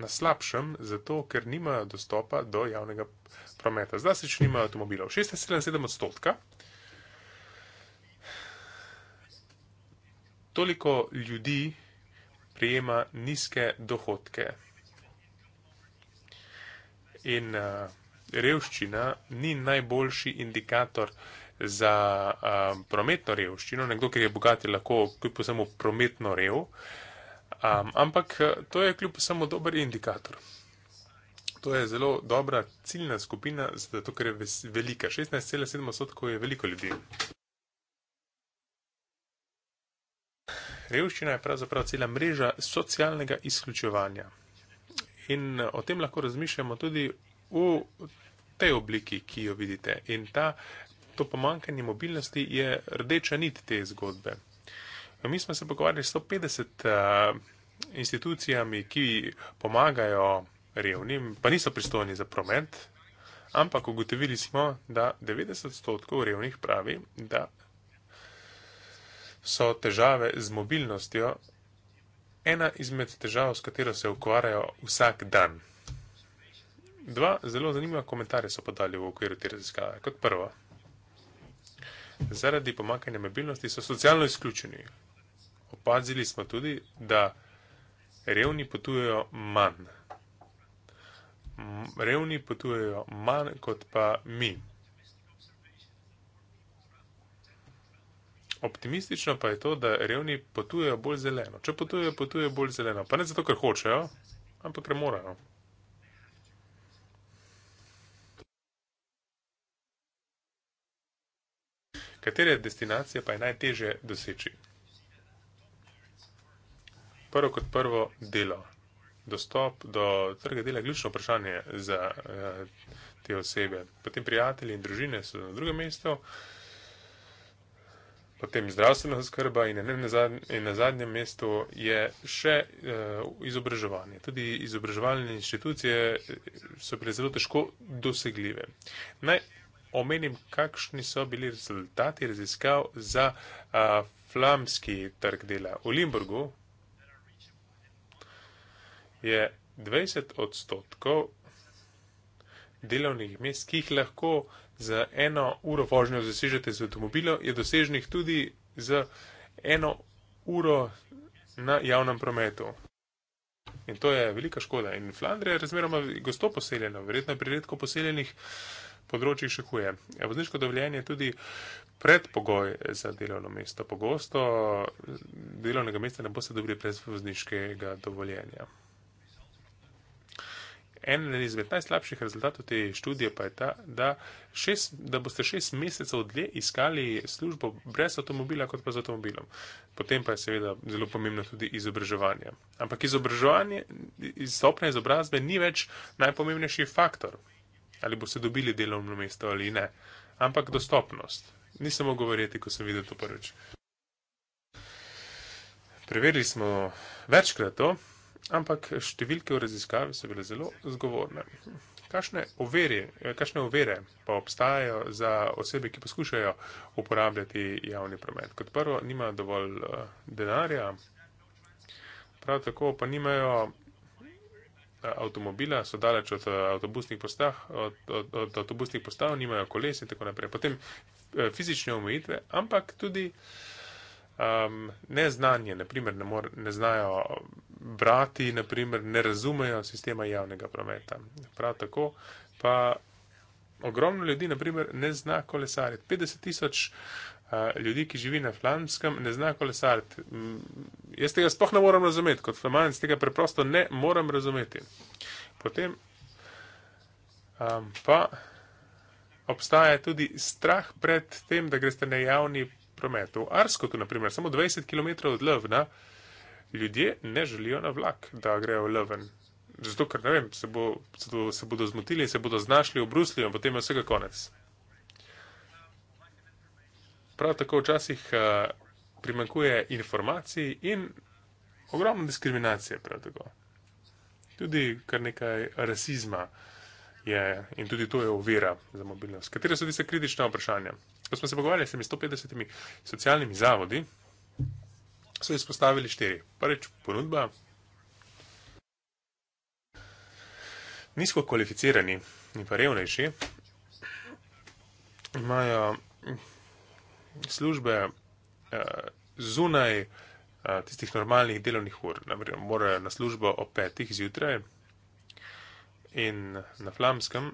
na slabšem, zato ker nimajo dostopa do javnega prometa. Zdaj se, če nimajo avtomobilov. 67 odstotka uh, toliko ljudi prijema nizke dohodke. In uh, revščina ni najboljši indikator za uh, prometno revščino. Nekdo, ki je bogati, lahko kljub samo prometno rev, um, ampak eh, to je kljub samo dober indikator. To je zelo dobra ciljna skupina, zato ker je velika. 16,7 odstotkov je veliko ljudi. revščina je pravzaprav cela mreža socialnega izključevanja. In eh, o tem lahko razmišljamo tudi v tej obliki, ki jo vidite. In ta, to pomankanje mobilnosti je rdeča nit te zgodbe. Mi smo se pogovarjali s 150 eh, institucijami, ki pomagajo revnim, pa niso pristojni za promet, ampak ugotovili smo, da 90 odstotkov revnih pravi, da so težave z mobilnostjo ena izmed težav, s katero se ukvarjajo vsak dan. Dva zelo zanimiva komentarja so podali v okviru te raziskave. Kot prvo, zaradi pomakanja mobilnosti so socialno izključeni. Opazili smo tudi, da revni potujejo manj. Revni potujejo manj kot pa mi. Optimistično pa je to, da revni potujejo bolj zeleno. Če potujejo, potujejo bolj zeleno. Pa ne zato, ker hočejo, ampak ker morajo. Katere destinacije pa je najtežje doseči? Prvo kot prvo delo. Dostop do trga dela je ključno vprašanje za uh, te osebe. Potem prijatelji in družine so na drugem mestu. Uh, potem zdravstvena skrba in, in na zadnjem mestu je še uh, izobraževanje. Tudi izobraževalne inštitucije eh, so bile zelo težko dosegljive. Naj omenim, kakšni so bili rezultati raziskav za uh, flamski trg dela. V Limburgu je 20 odstotkov delovnih mest, ki jih lahko uh, za eno uro vožnjo zasežete z avtomobilom, je dosežnih tudi za eno uro na javnem prometu. In to je velika škoda. In Flandrija je razmeroma gosto poseljena, verjetno pri redko poseljenih področjih še huje. Vozniško dovoljenje je tudi predpogoj za delovno mesto. Pogosto delovnega mesta ne boste dobili brez vozniškega dovoljenja. En izmed najslabših rezultatov te študije pa je ta, da, šest, da boste šest mesecev dlje iskali službo brez avtomobila, kot pa z avtomobilom. Potem pa je seveda zelo pomembno tudi izobraževanje. Ampak izobraževanje, stopnja izobrazbe ni več najpomembnejši faktor, ali boste dobili delovno mesto ali ne, ampak dostopnost. Nisem mogel govoriti, ko sem videl to prvič. Preverili smo večkrat to ampak številke v raziskavi so bile zelo zgovorne. Kašne, overi, kašne overe pa obstajajo za osebe, ki poskušajo uporabljati javni promet? Kot prvo, nimajo dovolj eh, denarja, prav tako pa nimajo eh, avtomobila, so daleč od eh, avtobusnih postah, od, od, od avtobusnih postav, nimajo koles in tako naprej. Potem fizične omejitve, ampak tudi um, neznanje, naprimer ne, more, ne znajo brati, naprimer, ne razumejo sistema javnega prometa. Prav tako pa ogromno ljudi, naprimer, ne zna kolesariti. 50 tisoč ljudi, ki živi na Flamskem, ne zna kolesariti. Mm, jaz tega sploh ne moram razumeti, kot flamanec tega preprosto ne moram razumeti. Potem um, pa obstaja tudi strah pred tem, da greste na javni promet. V Arsko, tu naprimer, samo 20 km od Lvna, uh, ljudje ne želijo na vlak, da grejo leven. Zato, ker ne vem, se, bo, se, bo, se bodo zmotili in se bodo znašli v Bruslju in potem je vsega konec. Prav tako včasih eh, primankuje informacij in ogromno diskriminacije. Tudi kar nekaj rasizma je in tudi to je ovira za mobilnost. Katera so tiste kritična vprašanja? Ko smo se pogovarjali s temi 150 socialnimi zavodi, so izpostavili štiri. Prvič, ponudba. Nizko kvalificirani in pa revnejši imajo službe uh, zunaj uh, tistih normalnih delovnih ur. Namreč morajo na službo ob petih zjutraj in na flamskem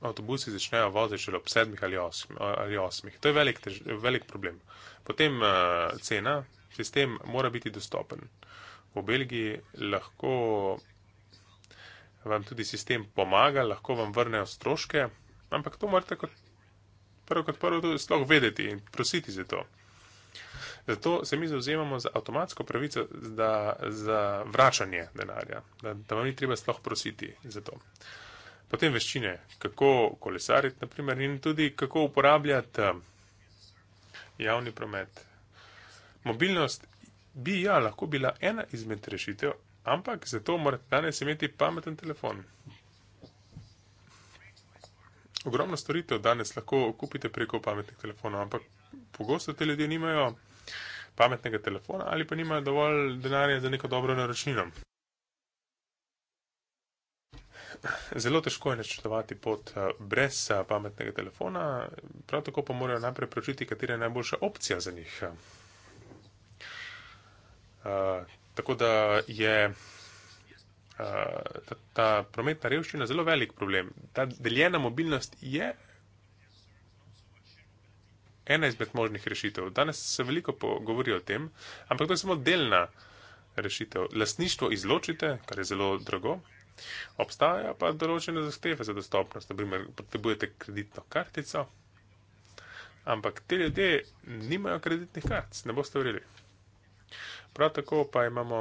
avtobusi začnejo voziti šele ob sedmih ali osmih. Ali osmih. To je velik, tež, velik problem. Potem uh, cena sistem mora biti dostopen. V Belgiji lahko vam tudi sistem pomaga, lahko vam vrnejo stroške, ampak to morate kot prvo kot prvo tudi sploh vedeti in prositi za to. Zato se mi zauzemamo za avtomatsko pravico da, za vračanje denarja, da, da vam ni treba sploh prositi za to. Potem veščine, kako kolesariti, naprimer, in tudi kako uporabljati um, javni promet, Mobilnost bi ja lahko bila ena izmed rešitev, ampak zato morate danes imeti pameten telefon. Ogromno storitev danes lahko kupite preko pametnih telefonov, ampak pogosto te ljudje nimajo pametnega telefona ali pa nimajo dovolj denarja za neko dobro naročnino. Zelo težko je načrtovati pot eh, brez eh, pametnega telefona, prav tako pa morajo najprej pročiti, katera je najboljša opcija za njih. Eh, tako da je uh, ta prometna revščina zelo velik problem. Ta deljena mobilnost je ena izmed možnih rešitev. Danes se veliko govori o tem, ampak to je samo delna rešitev. Lasništvo izločite, kar je zelo drago. Obstajajo pa določene zahteve za dostopnost, naprimer potrebujete kreditno kartico, ampak te ljudje nimajo kreditnih kartic, ne boste verjeli. Prav tako pa imamo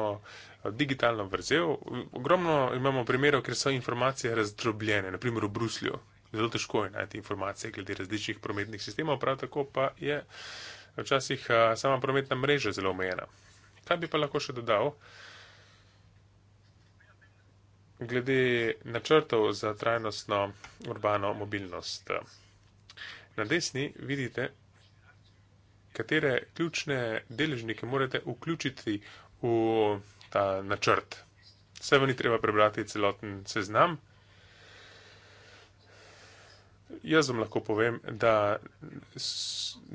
eh, digitalno vrzel. Ogromno imamo primerov, kjer so informacije razdrobljene, naprimer v Bruslju. Zelo težko je najti informacije glede različnih prometnih sistemov, prav tako pa je včasih eh, sama prometna mreža zelo omejena. Kaj bi pa lahko še dodal? Glede načrtov za trajnostno urbano mobilnost. Na desni vidite katere ključne deležnike morate vključiti v ta načrt. Vse vam ni treba prebrati celoten seznam. Jaz vam lahko povem, da,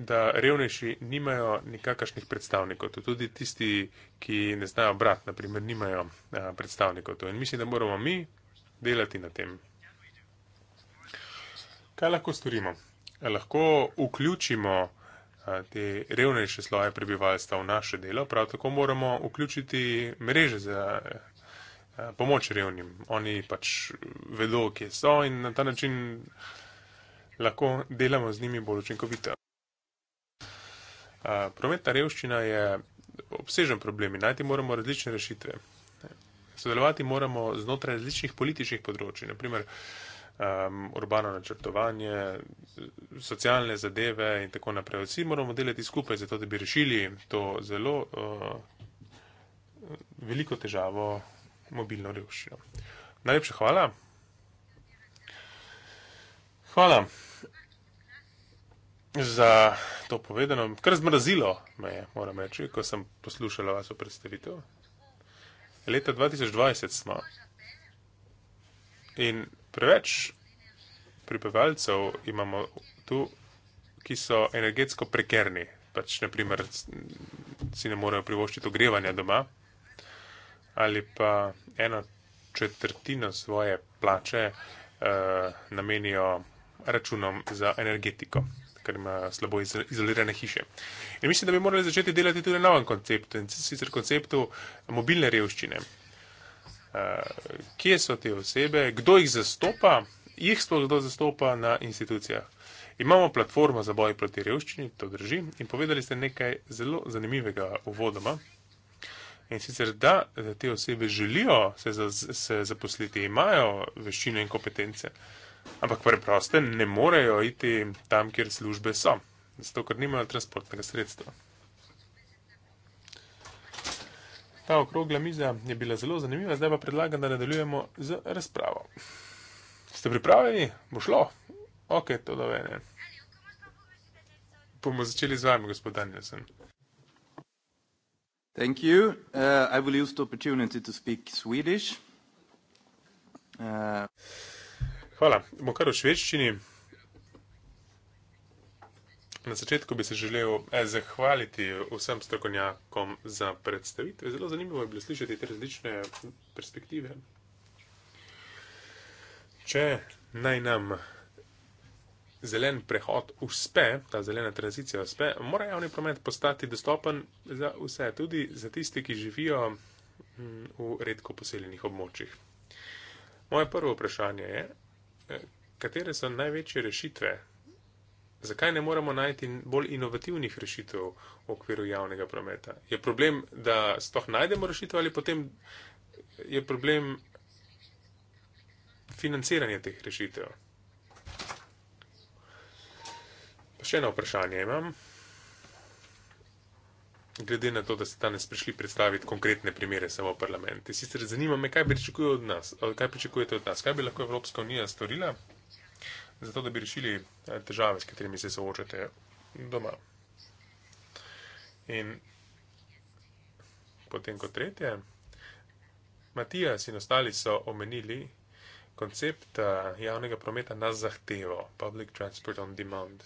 da revnejši nimajo nikakršnih predstavnikov. To tudi tisti, ki ne znajo brati, naprimer, nimajo a, predstavnikov. To. In mislim, da moramo mi delati na tem. Kaj lahko storimo? Lahko vključimo te revnejše sloje prebivalstva v naše delo, prav tako moramo vključiti mreže za eh, pomoč revnim. Oni pač eh, vedo, kje so in na ta način lahko delamo z njimi bolj učinkovito. Prometna revščina je obsežen problem in najti moramo različne rešitve. Sodelovati moramo znotraj različnih političnih področji. Naprimer, um, urbano načrtovanje, socialne zadeve in tako naprej. Vsi moramo delati skupaj, zato da bi rešili to zelo uh, veliko težavo mobilno revščino. Najlepša hvala. Hvala za to povedano. Kar zmrazilo me je, moram reči, ko sem poslušala vas v predstavitev. Leta 2020 smo. In preveč pripevalcev imamo tu, ki so energetsko prekerni. Pač, naprimer, si ne morejo privoščiti ogrevanja doma ali pa eno četrtino svoje plače eh, namenijo računom za energetiko, ker ima slabo izolirane hiše. In mislim, da bi morali začeti delati tudi na novem konceptu in sicer konceptu mobilne revščine. Eh, kje so te osebe, kdo jih zastopa, jih sploh kdo zastopa na institucijah. Imamo platformo za boj proti revščini, to drži, in povedali ste nekaj zelo zanimivega uvodoma. In sicer, da, da te osebe želijo se, za, se zaposliti, imajo veščine in kompetence, ampak preproste ne morejo iti tam, kjer službe so, zato ker nimajo transportnega sredstva. Ta okrogla miza je bila zelo zanimiva, zdaj pa predlagam, da nadaljujemo z razpravo. Ste pripravljeni? Bo šlo? Ok, to do vene. Bomo začeli z vami, gospod Danielsen. Thank you. Uh, I will use the opportunity to speak Swedish. Uh... Hvala. Bom kar v švedščini. Na začetku bi se želel eh, zahvaliti vsem strokovnjakom za predstavitve. Zelo zanimivo je bilo slišati te različne perspektive. Če naj nam zelen prehod uspe, ta zelena tranzicija uspe, mora javni promet postati dostopen za vse, tudi za tiste, ki živijo mm, v redko poseljenih območjih. Moje prvo vprašanje je, eh, katere so največje rešitve Zakaj ne moremo najti bolj inovativnih rešitev v okviru javnega prometa? Je problem, da sploh najdemo rešitev ali potem je problem financiranje teh rešitev? Pa še eno vprašanje imam. Glede na to, da ste danes prišli predstaviti konkretne primere samo parlamenti. Sicer zanima me, kaj, od nas, kaj pričakujete od nas? Kaj bi lahko Evropska unija storila? zato da bi rešili eh, težave, s katerimi se soočate doma. In potem kot tretje, Matija in ostali so omenili koncept eh, javnega prometa na zahtevo, public transport on demand.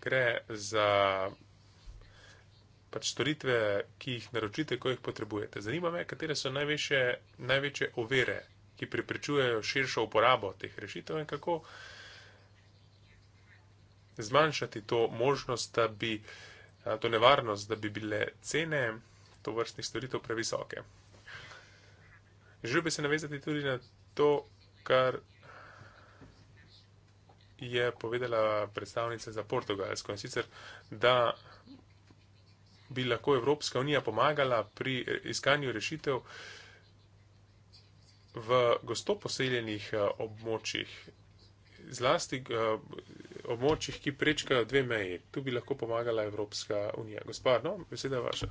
Gre za pač storitve, ki jih naročite, ko jih potrebujete. Zanima me, katere so največje, največje ovire ki preprečujejo širšo uporabo teh rešitev in kako zmanjšati to možnost, da bi, to nevarnost, da bi bile cene to vrstnih storitev previsoke. Želel bi se navezati tudi na to, kar je povedala predstavnica za Portugalsko in sicer, da bi lahko Evropska unija pomagala pri iskanju rešitev, uh, v gosto poseljenih eh, območjih, zlasti eh, območjih, ki prečkajo dve meji. Tu bi lahko pomagala Evropska unija. Gospa Arno, beseda je vaša.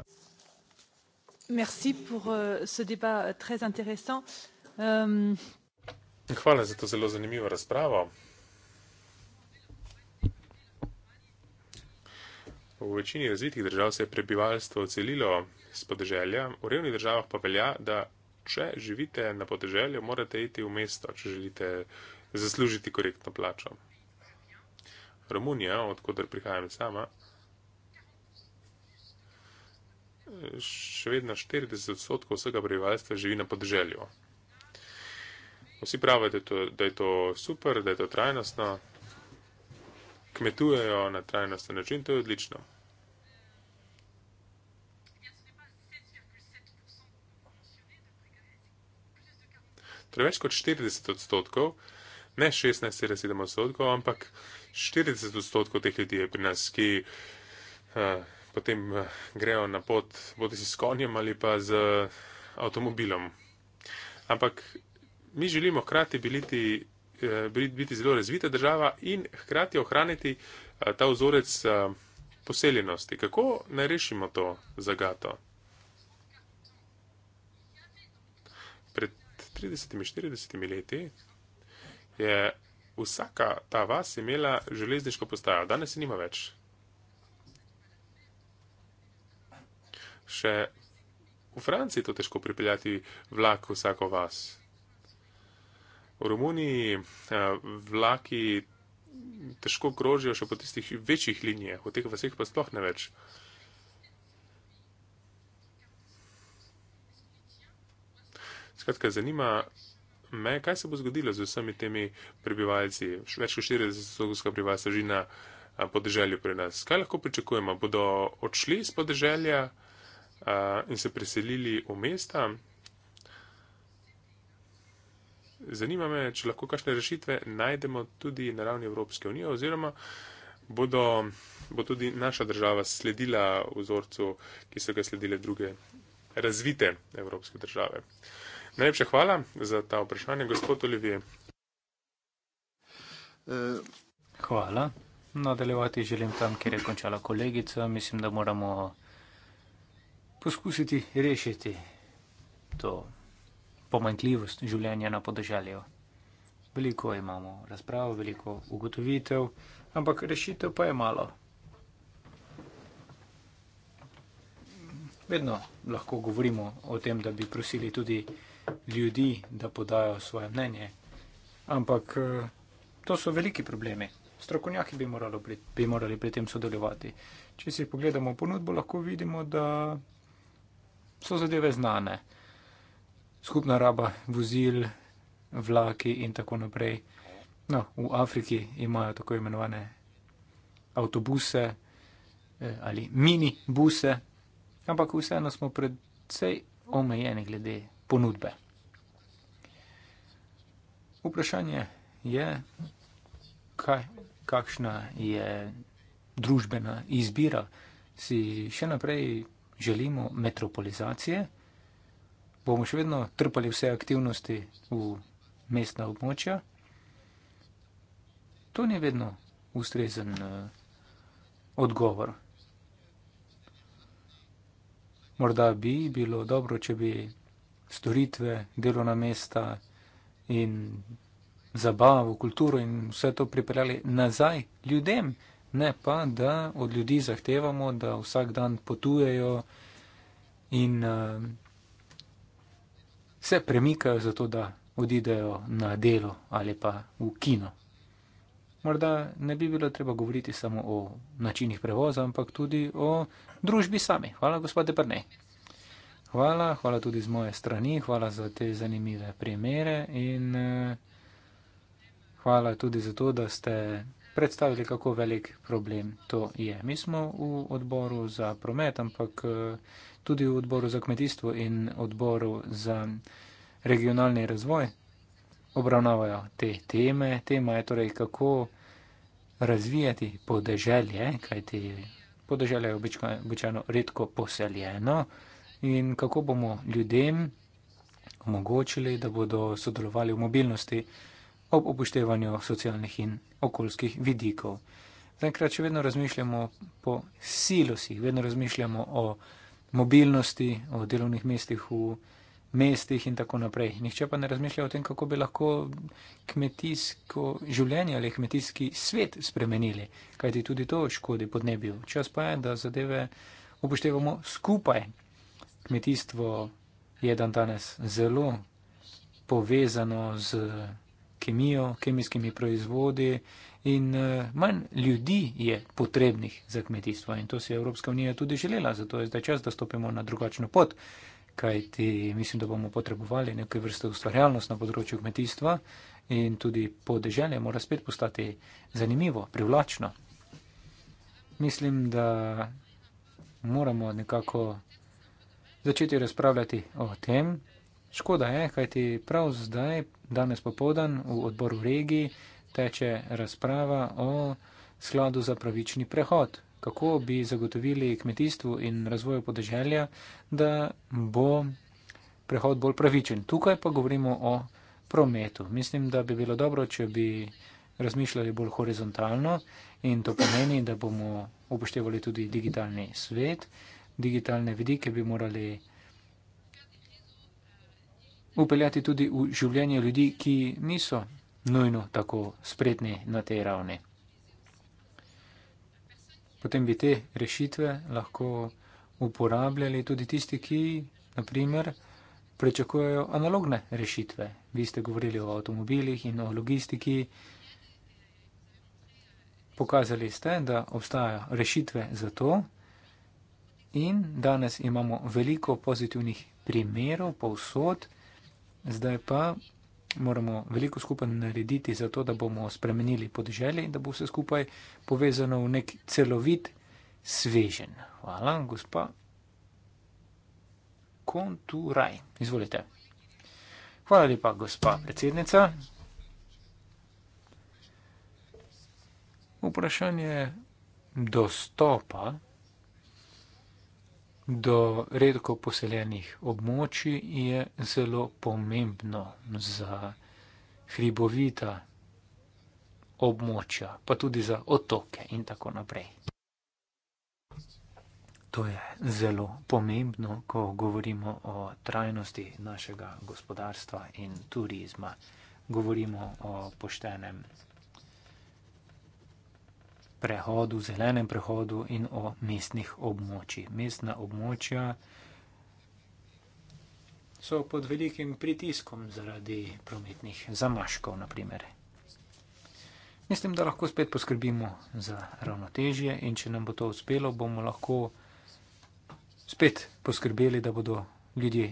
Merci pour eh, ce débat très intéressant. Um... Hvala za to zelo zanimivo razpravo. V večini razvitih držav se je prebivalstvo celilo s podeželja, v revnih državah pa velja, da če živite na podeželju, morate iti v mesto, če želite zaslužiti korektno plačo. Romunija, odkudar prihajam sama, še vedno 40 odstotkov vsega prebivalstva živi na podeželju. Vsi pravijo, da, da je to super, da je to trajnostno. Kmetujejo na trajnosten način, to je odlično. preveč kot 40 odstotkov, ne 16,7 odstotkov, ampak 40 odstotkov teh ljudi je pri nas, ki uh, potem uh, grejo na pot, bodi si s konjem ali pa z avtomobilom. Ampak mi želimo hkrati biti, eh, biti, biti zelo razvita država in hkrati ohraniti ta vzorec poseljenosti. Kako naj rešimo to zagato? 30, 40 leti je vsaka ta vas imela železniško postajo, danes je nima več. Še v Franciji je to težko pripeljati vlak vsako vas. V Romuniji eh, vlaki težko krožijo še po tistih večjih linijah, v teh vseh pa sploh ne več. Skratka, zanima me, kaj se bo zgodilo z vsemi temi prebivalci, več kot 40-odstotka prebivalstva že na podeželju pri nas. Kaj lahko pričakujemo? Bodo odšli iz podeželja a, in se preselili v mesta? Zanima me, če lahko kakšne rešitve najdemo tudi na ravni Evropske unije oziroma bodo, bo tudi naša država sledila vzorcu, ki so ga sledile druge razvite evropske države. Najlepša hvala za ta vprašanje, gospod Olivije. Eh. Hvala. Nadaljevati želim tam, kjer je končala kolegica. Mislim, da moramo poskusiti rešiti to pomanjkljivost življenja na podeželju. Veliko imamo razprav, veliko ugotovitev, ampak rešitev pa je malo. Vedno lahko govorimo o tem, da bi prosili tudi ljudi, da podajo svoje mnenje. Ampak eh, to so veliki problemi. Strokovnjaki bi, bi morali pri tem sodelovati. Če si pogledamo ponudbo, lahko vidimo, da so zadeve znane. Skupna raba vozil, vlaki in tako naprej. No, v Afriki imajo tako imenovane avtobuse eh, ali mini buse, ampak vseeno smo predvsej omejeni glede ponudbe. Vprašanje je, kaj, kakšna je družbena izbira. Si še naprej želimo metropolizacije, bomo še vedno trpali vse aktivnosti v mestna območja. To ni vedno ustrezen eh, odgovor. Morda bi bilo dobro, če bi storitve, delovna mesta in zabavo, kulturo in vse to pripeljali nazaj ljudem, ne pa, da od ljudi zahtevamo, da vsak dan potujejo in uh, se premikajo zato, da odidejo na delo ali pa v kino. Morda ne bi bilo treba govoriti samo o načinih prevoza, ampak tudi o družbi sami. Hvala, gospod Deprnej. Hvala, hvala tudi z moje strani, hvala za te zanimive primere in eh, hvala tudi za to, da ste predstavili, kako velik problem to je. Mi smo v odboru za promet, ampak eh, tudi v odboru za kmetijstvo in odboru za regionalni razvoj obravnavajo te teme. Tema je torej, kako razvijati podeželje, kajti podeželje je običajno redko poseljeno in kako bomo ljudem omogočili, da bodo sodelovali v mobilnosti ob upoštevanju socialnih in okoljskih vidikov. Zdajkrat še vedno razmišljamo po silosih, vedno razmišljamo o mobilnosti, o delovnih mestih v mestih in tako naprej. Nihče pa ne razmišlja o tem, kako bi lahko kmetijsko življenje ali kmetijski svet spremenili, kajti tudi to škodi podnebju. Čas pa je, da zadeve upoštevamo skupaj kmetijstvo je dan danes zelo povezano z kemijo, kemijskimi proizvodi in eh, manj ljudi je potrebnih za kmetijstvo. In to si je Evropska unija tudi želela, zato je zdaj čas, da stopimo na drugačno pot, kajti mislim, da bomo potrebovali nekaj vrste ustvarjalnost na področju kmetijstva in tudi podeželje mora spet postati zanimivo, privlačno. Mislim, da moramo nekako začeti razpravljati o tem. Škoda je, kajti prav zdaj, danes popovdan, v odboru regiji teče razprava o skladu za pravični prehod, kako bi zagotovili kmetijstvu in razvoju podeželja, da bo prehod bolj pravičen. Tukaj pa govorimo o prometu. Mislim, da bi bilo dobro, če bi razmišljali bolj horizontalno in to pomeni, da bomo upoštevali tudi digitalni svet digitalne vidike bi morali upeljati tudi v življenje ljudi, ki niso nujno tako spretni na tej ravni. Potem bi te rešitve lahko uporabljali tudi tisti, ki naprimer prečakujejo analogne rešitve. Vi ste govorili o avtomobilih in o logistiki. Pokazali ste, da obstajajo rešitve za to, In danes imamo veliko pozitivnih primerov povsod, zdaj pa moramo veliko skupaj narediti za to, da bomo spremenili podeželje in da bo vse skupaj povezano v nek celovit svežen. Hvala, gospa. Konturaj, izvolite. Hvala lepa, gospa predsednica. Vprašanje dostopa do redko poseljenih območij je zelo pomembno za hribovita območja, pa tudi za otoke in tako naprej. To je zelo pomembno, ko govorimo o trajnosti našega gospodarstva in turizma. Govorimo o poštenem prehodu, zelenem prehodu in o mestnih območjih. Mestna območja so pod velikim pritiskom zaradi prometnih zamaškov, naprimer. Mislim, da lahko spet poskrbimo za ravnotežje in če nam bo to uspelo, bomo lahko spet poskrbeli, da bodo ljudje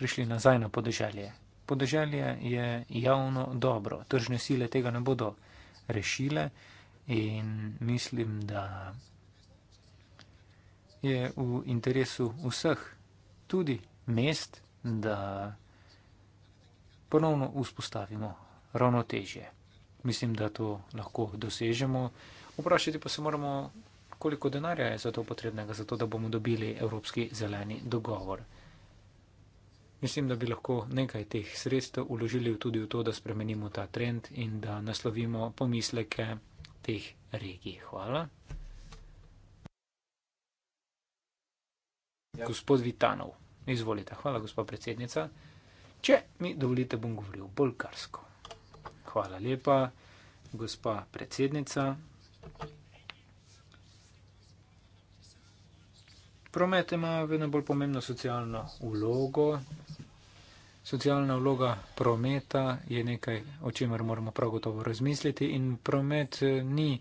prišli nazaj na podeželje. Podeželje je javno dobro, tržne sile tega ne bodo rešile in mislim, da je v interesu vseh, tudi mest, da ponovno vzpostavimo ravnotežje. Mislim, da to lahko dosežemo. Vprašati pa se moramo, koliko denarja je za to potrebnega, zato da bomo dobili Evropski zeleni dogovor. Mislim, da bi lahko nekaj teh sredstev uložili tudi v to, da spremenimo ta trend in da naslovimo pomisleke teh regij. Hvala. Ja. Gospod Vitanov, izvolite. Hvala, gospa predsednica. Če mi dovolite, bom govoril bolgarsko. Hvala lepa, gospa predsednica. Promet ima vedno bolj pomembno socialno vlogo, Socialna vloga prometa je nekaj, o čemer moramo prav gotovo razmisliti in promet eh, ni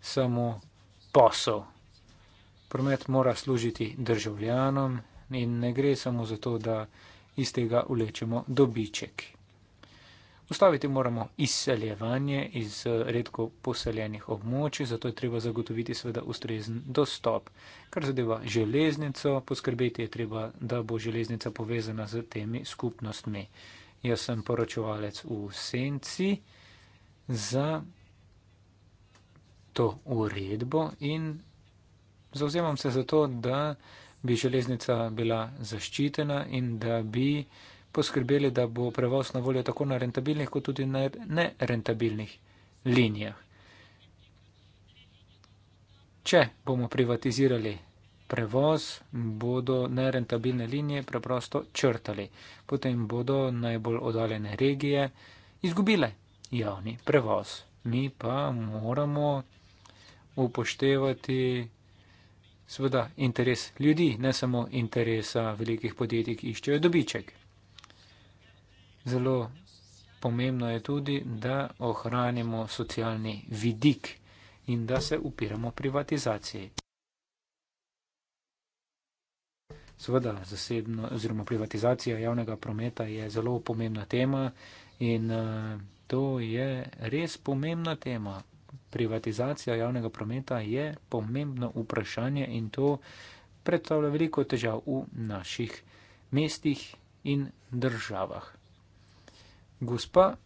samo posel. Promet mora služiti državljanom in ne gre samo za to, da iz tega ulečemo dobiček. Ustaviti moramo izseljevanje iz eh, redko poseljenih območij, zato je treba zagotoviti seveda ustrezen dostop. Kar zadeva železnico, poskrbeti je treba, da bo železnica povezana z temi skupnostmi. Jaz sem poročevalec v Senci za to uredbo in zauzemam se za to, da bi železnica bila zaščitena in da bi poskrbeli, da bo prevoz na voljo tako na rentabilnih, kot tudi na nerentabilnih linijah. Če bomo privatizirali prevoz, bodo nerentabilne linije preprosto črtali. Potem bodo najbolj odaljene regije izgubile javni prevoz. Mi pa moramo upoštevati seveda interes ljudi, ne samo interesa velikih podjetij, ki iščejo dobiček zelo pomembno je tudi, da ohranimo socialni vidik in da se upiramo privatizaciji. Seveda, zasebno oziroma privatizacija javnega prometa je zelo pomembna tema in uh, to je res pomembna tema. Privatizacija javnega prometa je pomembno vprašanje in to predstavlja veliko težav v naših mestih in državah. Gospa,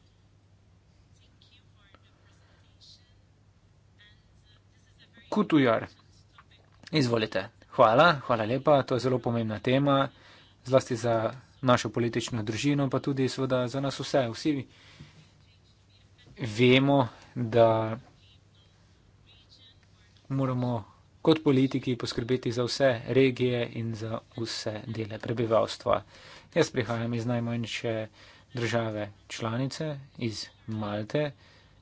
Kutujar, izvolite. Hvala, hvala lepa, to je zelo pomembna tema, zlasti za našo politično družino, pa tudi seveda za nas vse. Vsi vemo, da moramo kot politiki poskrbeti za vse regije in za vse dele prebivalstva. Jaz prihajam iz najmanjše države članice iz Malte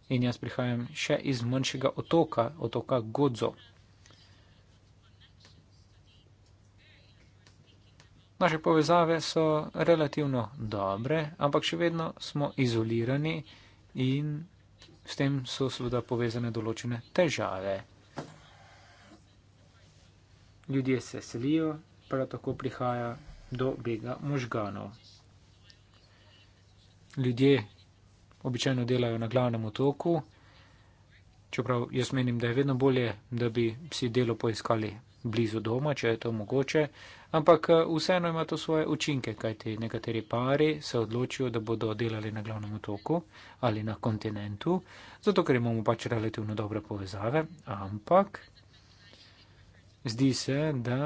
in jaz prihajam še iz manjšega otoka, otoka Godzo. Naše povezave so relativno dobre, ampak še vedno smo izolirani in s tem so seveda povezane določene težave. Ljudje se selijo, prav tako prihaja do bega možganov ljudje običajno delajo na glavnem otoku, čeprav jaz menim, da je vedno bolje, da bi si delo poiskali blizu doma, če je to mogoče, ampak eh, vseeno ima to svoje učinke, kajti nekateri pari se odločijo, da bodo delali na glavnem otoku ali na kontinentu, zato ker imamo pač relativno dobre povezave, ampak zdi se, da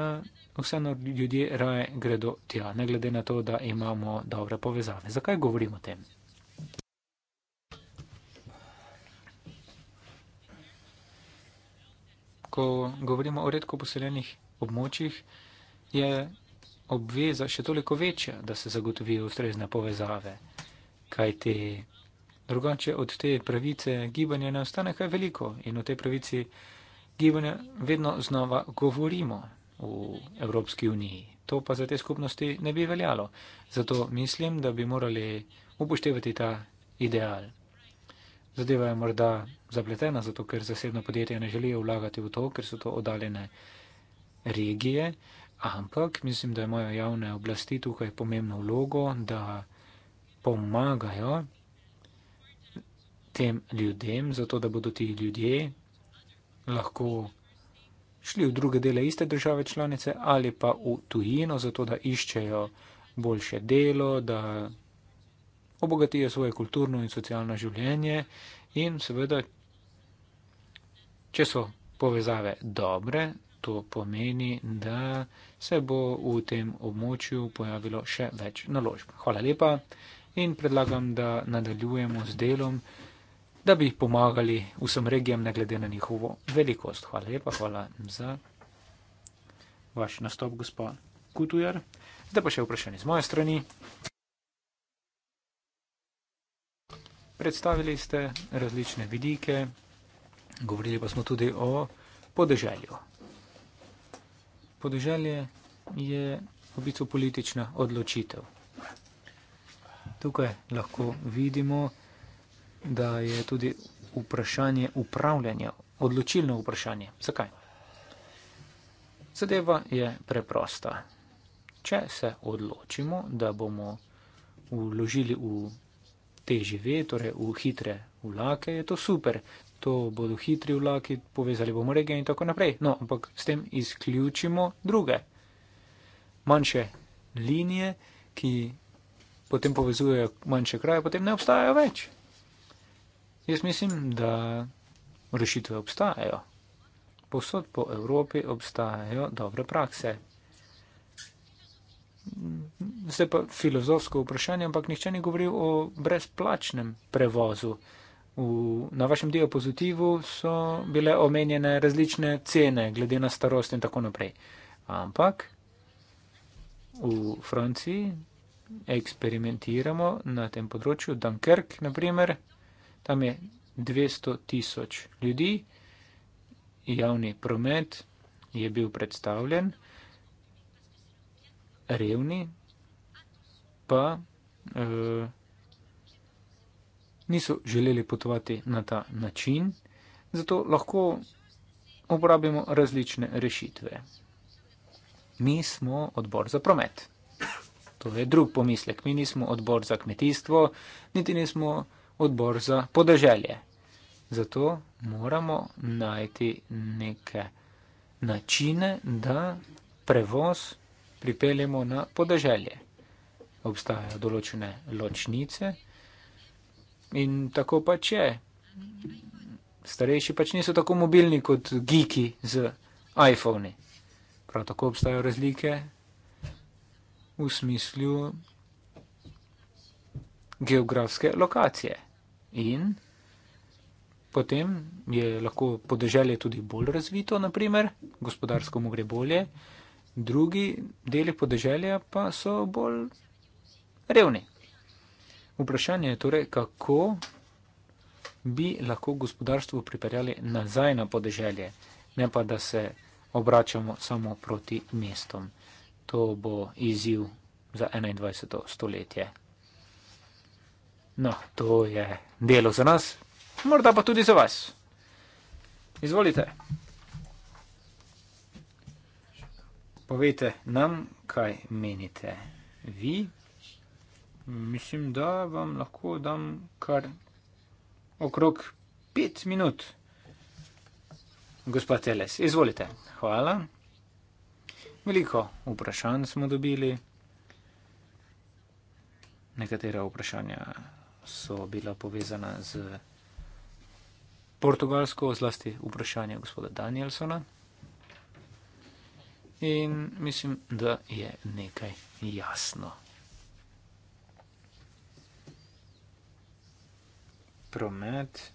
vseeno ljudje raje gredo tja, ne glede na to, da imamo dobre povezave. Zakaj govorimo o tem? Ko govorimo o redko poseljenih območjih, je obveza še toliko večja, da se zagotovijo ustrezne povezave, kaj te drugače od te pravice gibanja ne ostane kaj veliko in o tej pravici gibanja vedno znova govorimo v Evropski uniji. To pa za te skupnosti ne bi veljalo. Zato mislim, da bi morali upoštevati ta ideal. Zadeva je morda zapletena, zato ker zasebno podjetje ne želijo vlagati v to, ker so to oddaljene regije, ampak mislim, da imajo javne oblasti tukaj pomembno vlogo, da pomagajo tem ljudem, zato da bodo ti ljudje lahko šli v druge dele iste države članice ali pa v tujino, zato da iščejo boljše delo, da obogatijo svoje kulturno in socialno življenje in seveda, če so povezave dobre, to pomeni, da se bo v tem območju pojavilo še več naložb. Hvala lepa in predlagam, da nadaljujemo z delom da bi pomagali vsem regijam, ne glede na njihovo velikost. Hvala lepa, hvala za vaš nastop, gospod Kutujar. Zdaj pa še vprašanje z moje strani. Predstavili ste različne vidike, govorili pa smo tudi o podeželju. Podeželje je v bistvu politična odločitev. Tukaj lahko vidimo, da je tudi vprašanje upravljanja odločilno vprašanje. Zakaj? Zadeva je preprosta. Če se odločimo, da bomo vložili v TGV, torej v hitre vlake, je to super. To bodo hitri vlaki, povezali bomo regije in tako naprej. No, ampak s tem izključimo druge manjše linije, ki potem povezujejo manjše kraje, potem ne obstajajo več. Jaz mislim, da rešitve obstajajo. Posod po Evropi obstajajo dobre prakse. Zdaj pa filozofsko vprašanje, ampak nihče ni govoril o brezplačnem prevozu. V, na vašem diapozitivu so bile omenjene različne cene, glede na starost in tako naprej. Ampak v Franciji eksperimentiramo na tem področju. Dunkirk, na primer, tam je 200 tisoč ljudi, javni promet je bil predstavljen, revni pa eh, niso želeli potovati na ta način, zato lahko uporabimo različne rešitve. Mi smo odbor za promet. To je drug pomislek. Mi nismo odbor za kmetijstvo, niti nismo odbor za podeželje. Zato moramo najti neke načine, da prevoz pripeljemo na podeželje. Obstajajo določene ločnice in tako pač je. Starejši pač niso tako mobilni kot geeki z iPhone. Prav tako obstajajo razlike v smislu geografske lokacije. In potem je lahko podeželje tudi bolj razvito, naprimer, gospodarsko mu gre bolje, drugi deli podeželja pa so bolj revni. Vprašanje je torej, kako bi lahko gospodarstvo pripeljali nazaj na podeželje, ne pa da se obračamo samo proti mestom. To bo izziv za 21. stoletje. No, to je delo za nas, morda pa tudi za vas. Izvolite. Povejte nam, kaj menite vi. Mislim, da vam lahko dam kar okrog pet minut. Gospod Teles, izvolite. Hvala. Veliko vprašanj smo dobili. Nekatera vprašanja so bila povezana z Portugalsko, zlasti vprašanje gospoda Danielsona. In mislim, da je nekaj jasno. Promet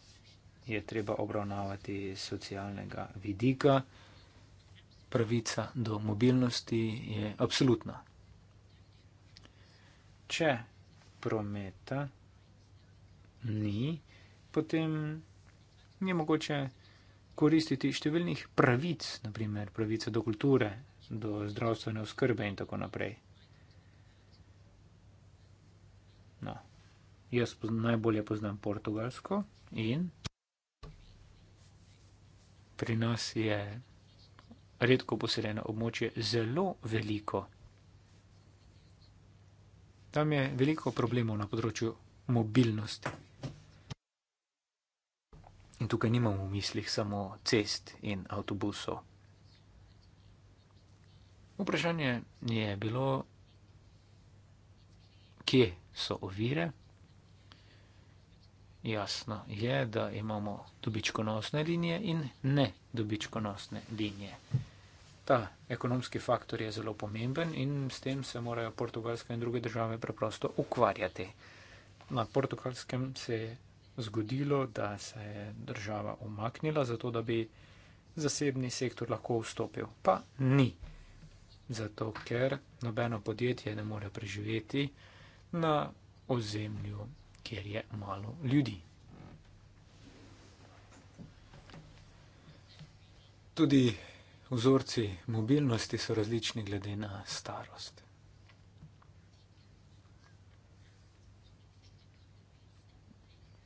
je treba obravnavati iz socialnega vidika, pravica do mobilnosti je absolutna. Če prometa ni, potem je mogoče koristiti številnih pravic, naprimer pravice do kulture, do zdravstvene oskrbe in tako naprej. No, jaz najbolje poznam portugalsko in pri nas je redko poseljeno območje zelo veliko. Tam je veliko problemov na področju mobilnosti. In tukaj nimam v mislih samo cest in avtobusov. Vprašanje je bilo, kje so ovire. Jasno je, da imamo dobičkonosne linije in ne dobičkonosne linije. Ta ekonomski faktor je zelo pomemben in s tem se morajo portugalske in druge države preprosto ukvarjati. Na portugalskem se je zgodilo, da se je država umaknila, zato da bi zasebni sektor lahko vstopil. Pa ni. Zato, ker nobeno podjetje ne more preživeti na ozemlju, kjer je malo ljudi. Tudi vzorci mobilnosti so različni glede na starost.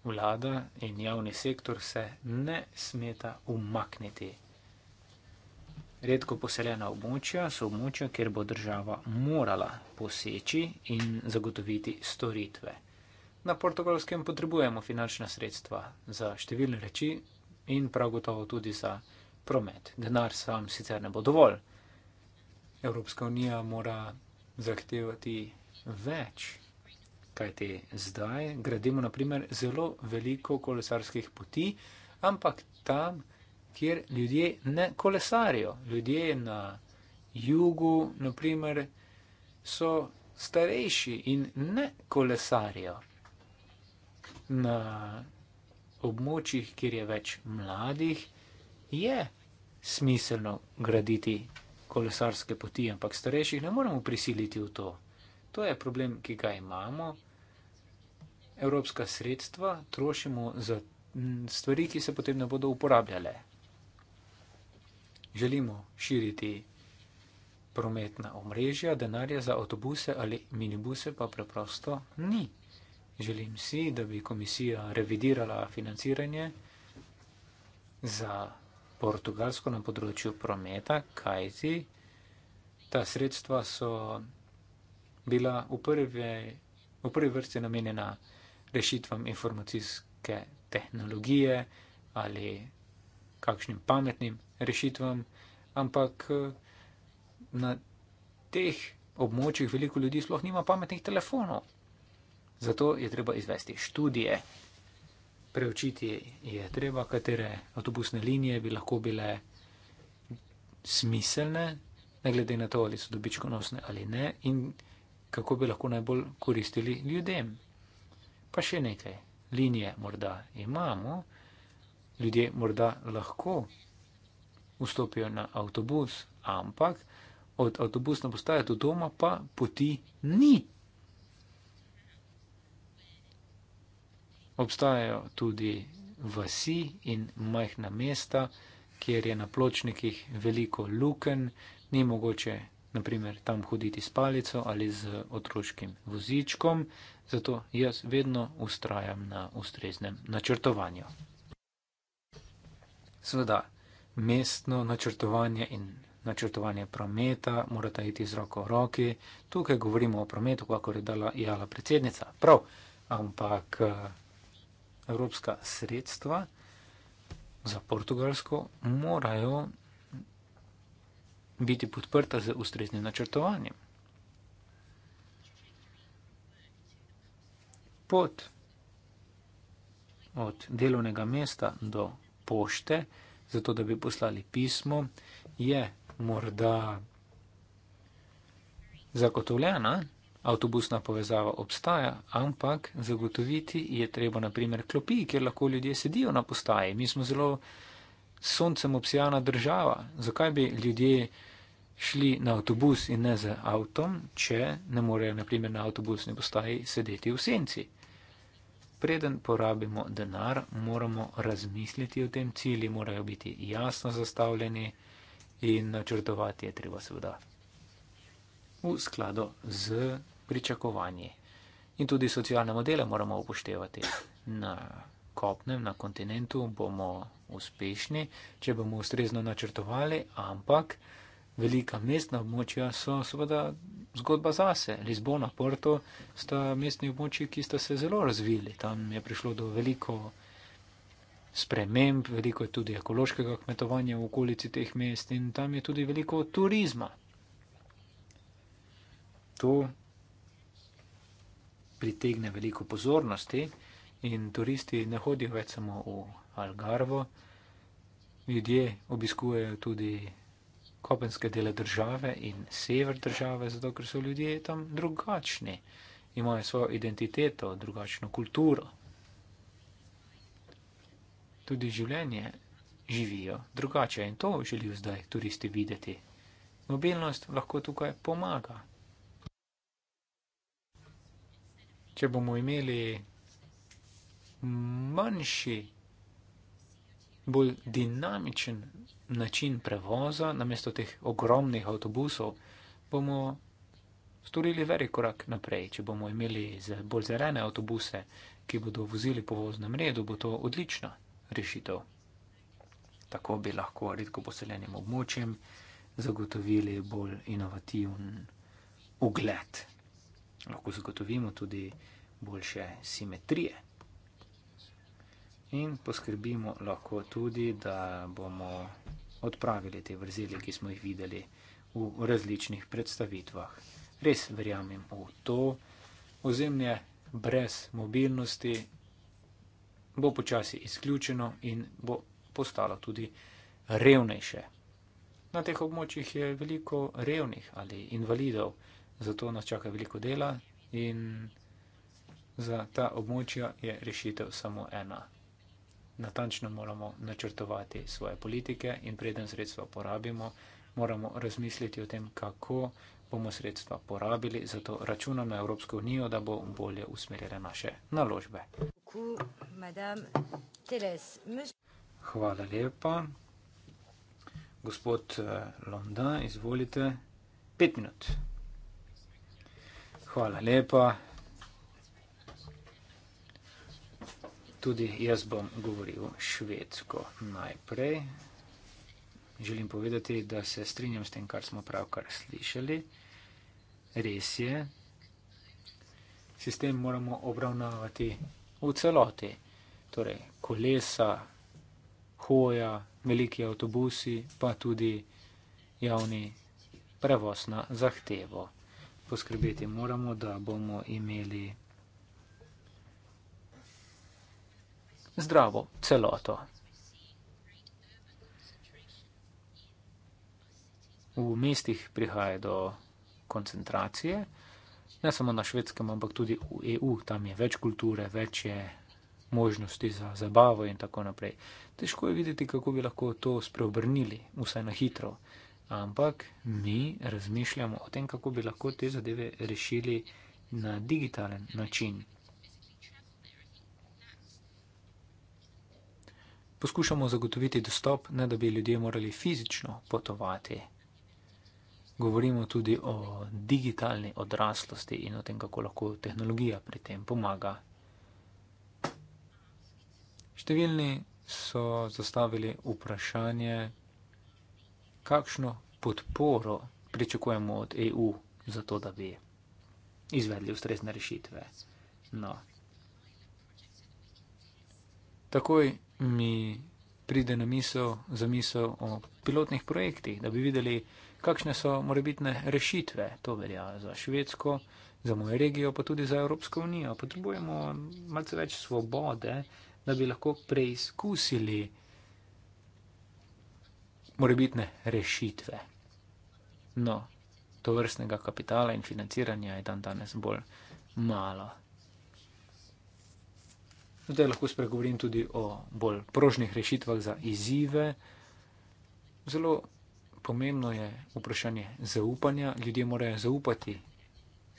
vlada in javni sektor se ne smeta umakniti. Redko poseljena območja so območja, kjer bo država morala poseči in zagotoviti storitve. Na portugalskem potrebujemo finančna sredstva za številne reči in prav gotovo tudi za promet. Denar sam sicer ne bo dovolj. Evropska unija mora zahtevati več kajti zdaj gradimo naprimer, zelo veliko kolesarskih poti, ampak tam, kjer ljudje ne kolesarijo. Ljudje na jugu naprimer, so starejši in ne kolesarijo. Na območjih, kjer je več mladih, je smiselno graditi kolesarske poti, ampak starejših ne moremo prisiliti v to. To je problem, ki ga imamo. Evropska sredstva trošimo za stvari, ki se potem ne bodo uporabljale. Želimo širiti prometna omrežja, denarja za avtobuse ali minibuse pa preprosto ni. Želim si, da bi komisija revidirala financiranje za portugalsko na področju prometa, kajti ta sredstva so bila v prvi, v prvi vrsti namenjena rešitvam informacijske tehnologije ali kakšnim pametnim rešitvam, ampak na teh območjih veliko ljudi sploh nima pametnih telefonov. Zato je treba izvesti študije, preučiti je treba, katere avtobusne linije bi lahko bile smiselne, ne glede na to, ali so dobičkonosne ali ne. In kako bi lahko najbolj koristili ljudem. Pa še nekaj, linije morda imamo, ljudje morda lahko vstopijo na avtobus, ampak od avtobusne postaje do doma pa poti ni. Obstajajo tudi vasi in majhna mesta, kjer je na pločnikih veliko luken, ni mogoče naprimer tam hoditi s palico ali z otroškim vozičkom, zato jaz vedno ustrajam na ustreznem načrtovanju. Sveda, mestno načrtovanje in načrtovanje prometa morata iti z roko v roki. Tukaj govorimo o prometu, kako je dala jala predsednica. Prav, ampak eh, evropska sredstva za portugalsko morajo biti podprta z ustreznim načrtovanjem. Pot od delovnega mesta do pošte, zato da bi poslali pismo, je morda zagotovljena, avtobusna povezava obstaja, ampak zagotoviti je treba naprimer klopi, kjer lahko ljudje sedijo na postaji. Mi smo zelo soncem obsijana država. Zakaj bi ljudje šli na avtobus in ne z avtom, če ne morejo, naprimer, na avtobusni postaji sedeti v senci. Preden porabimo denar, moramo razmisliti o tem cilju, morajo biti jasno zastavljeni in načrtovati je treba seveda v skladu z pričakovanji. In tudi socialne modele moramo upoštevati. Na kopnem, na kontinentu bomo uspešni, če bomo ustrezno načrtovali, ampak velika mestna območja so seveda zgodba zase. Lizbona, Porto sta mestni območji, ki sta se zelo razvili. Tam je prišlo do veliko sprememb, veliko je tudi ekološkega kmetovanja v okolici teh mest in tam je tudi veliko turizma. To pritegne veliko pozornosti in turisti ne hodijo več samo v Algarvo. Ljudje obiskujejo tudi kopenske dele države in sever države, zato ker so ljudje tam drugačni, imajo svojo identiteto, drugačno kulturo. Tudi življenje živijo drugače in to želijo zdaj turisti videti. Mobilnost lahko tukaj pomaga. Če bomo imeli manjši, bolj dinamičen način prevoza, namesto teh ogromnih avtobusov, bomo storili veri korak naprej. Če bomo imeli bolj zelene avtobuse, ki bodo vozili po voznem redu, bo to odlična rešitev. Tako bi lahko redko poseljenim območjem zagotovili bolj inovativen ugled. Lahko zagotovimo tudi boljše simetrije. In poskrbimo lahko tudi, da bomo odpravili te vrzeli, ki smo jih videli v različnih predstavitvah. Res verjamem v to, ozemlje brez mobilnosti bo počasi izključeno in bo postalo tudi revnejše. Na teh območjih je veliko revnih ali invalidov, zato nas čaka veliko dela in za ta območja je rešitev samo ena natančno moramo načrtovati svoje politike in preden sredstva porabimo, moramo razmisliti o tem, kako bomo sredstva porabili, zato računam na Evropsko unijo, da bo bolje usmerjala naše naložbe. Hvala lepa. Gospod eh, Londa, izvolite. Pet minut. Hvala lepa. tudi jaz bom govoril švedsko najprej. Želim povedati, da se strinjam s tem, kar smo pravkar slišali. Res je, sistem moramo obravnavati v celoti. Torej, kolesa, hoja, veliki avtobusi, pa tudi javni prevoz na zahtevo. Poskrbeti moramo, da bomo imeli zdravo celoto. V mestih prihaja do koncentracije, ne samo na švedskem, ampak tudi v EU. Tam je več kulture, več je možnosti za zabavo in tako naprej. Težko je videti, kako bi lahko to spreobrnili, vsaj na hitro. Ampak mi razmišljamo o tem, kako bi lahko te zadeve rešili na digitalen način. poskušamo zagotoviti dostop, ne da bi ljudje morali fizično potovati. Govorimo tudi o digitalni odraslosti in o tem, kako lahko tehnologija pri tem pomaga. Številni so zastavili vprašanje, kakšno podporo pričakujemo od EU za to, da bi izvedli ustrezne rešitve. No. Takoj mi pride na misel za misel o pilotnih projektih, da bi videli, kakšne so morebitne rešitve. To velja za Švedsko, za mojo regijo, pa tudi za Evropsko unijo. Potrebujemo malce več svobode, da bi lahko preizkusili morebitne rešitve. No, to vrstnega kapitala in financiranja je dan danes bolj malo. Tukaj lahko spregovorim tudi o bolj prožnih rešitvah za izzive. Zelo pomembno je vprašanje zaupanja. Ljudje morajo zaupati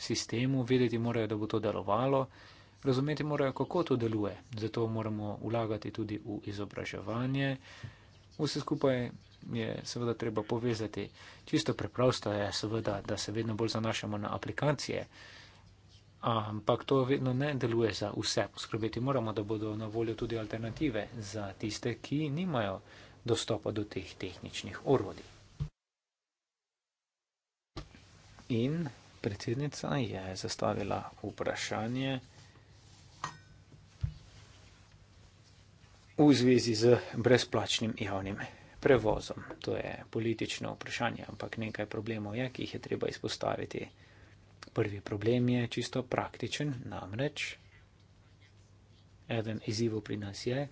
sistemu, vedeti morajo, da bo to delovalo, razumeti morajo, kako to deluje. Zato moramo vlagati tudi v izobraževanje. Vse skupaj je seveda treba povezati. Čisto preprosto je seveda, da se vedno bolj zanašamo na aplikacije ampak to vedno ne deluje za vse. Poskrbeti moramo, da bodo na voljo tudi alternative za tiste, ki nimajo dostopa do teh tehničnih orodij. In predsednica je zastavila vprašanje v zvezi z brezplačnim javnim prevozom. To je politično vprašanje, ampak nekaj problemov je, ki jih je treba izpostaviti. Prvi problem je čisto praktičen, namreč eden izziv pri nas je,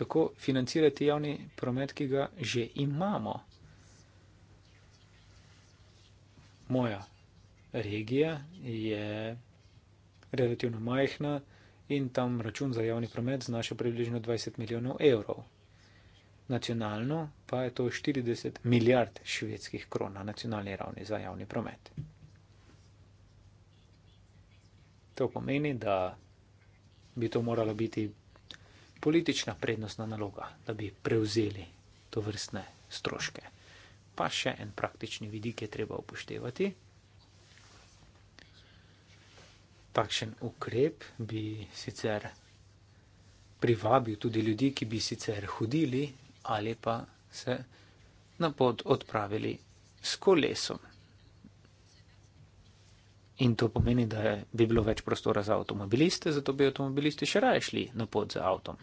kako financirati javni promet, ki ga že imamo. Moja regija je relativno majhna in tam račun za javni promet znaša približno 20 milijonov evrov. Nacionalno pa je to 40 milijard švedskih krona na nacionalni ravni za javni promet. To pomeni, da bi to morala biti politična prednostna naloga, da bi prevzeli to vrstne stroške. Pa še en praktični vidik je treba upoštevati. Takšen ukrep bi sicer privabil tudi ljudi, ki bi sicer hodili ali pa se na pot odpravili s kolesom. In to pomeni, da bi bilo več prostora za avtomobiliste, zato bi avtomobilisti še raje šli na pot z avtom.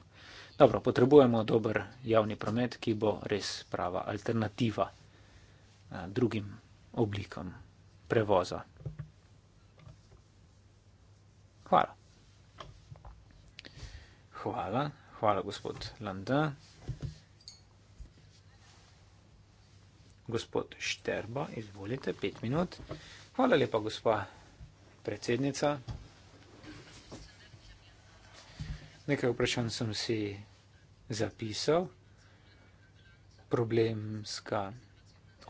Dobro, potrebujemo dober javni promet, ki bo res prava alternativa drugim oblikam prevoza. Hvala. Hvala, hvala gospod Landa. Gospod Šterba, izvolite, pet minut. Hvala lepa, gospa predsednica. Nekaj vprašanj sem si zapisal. Problemska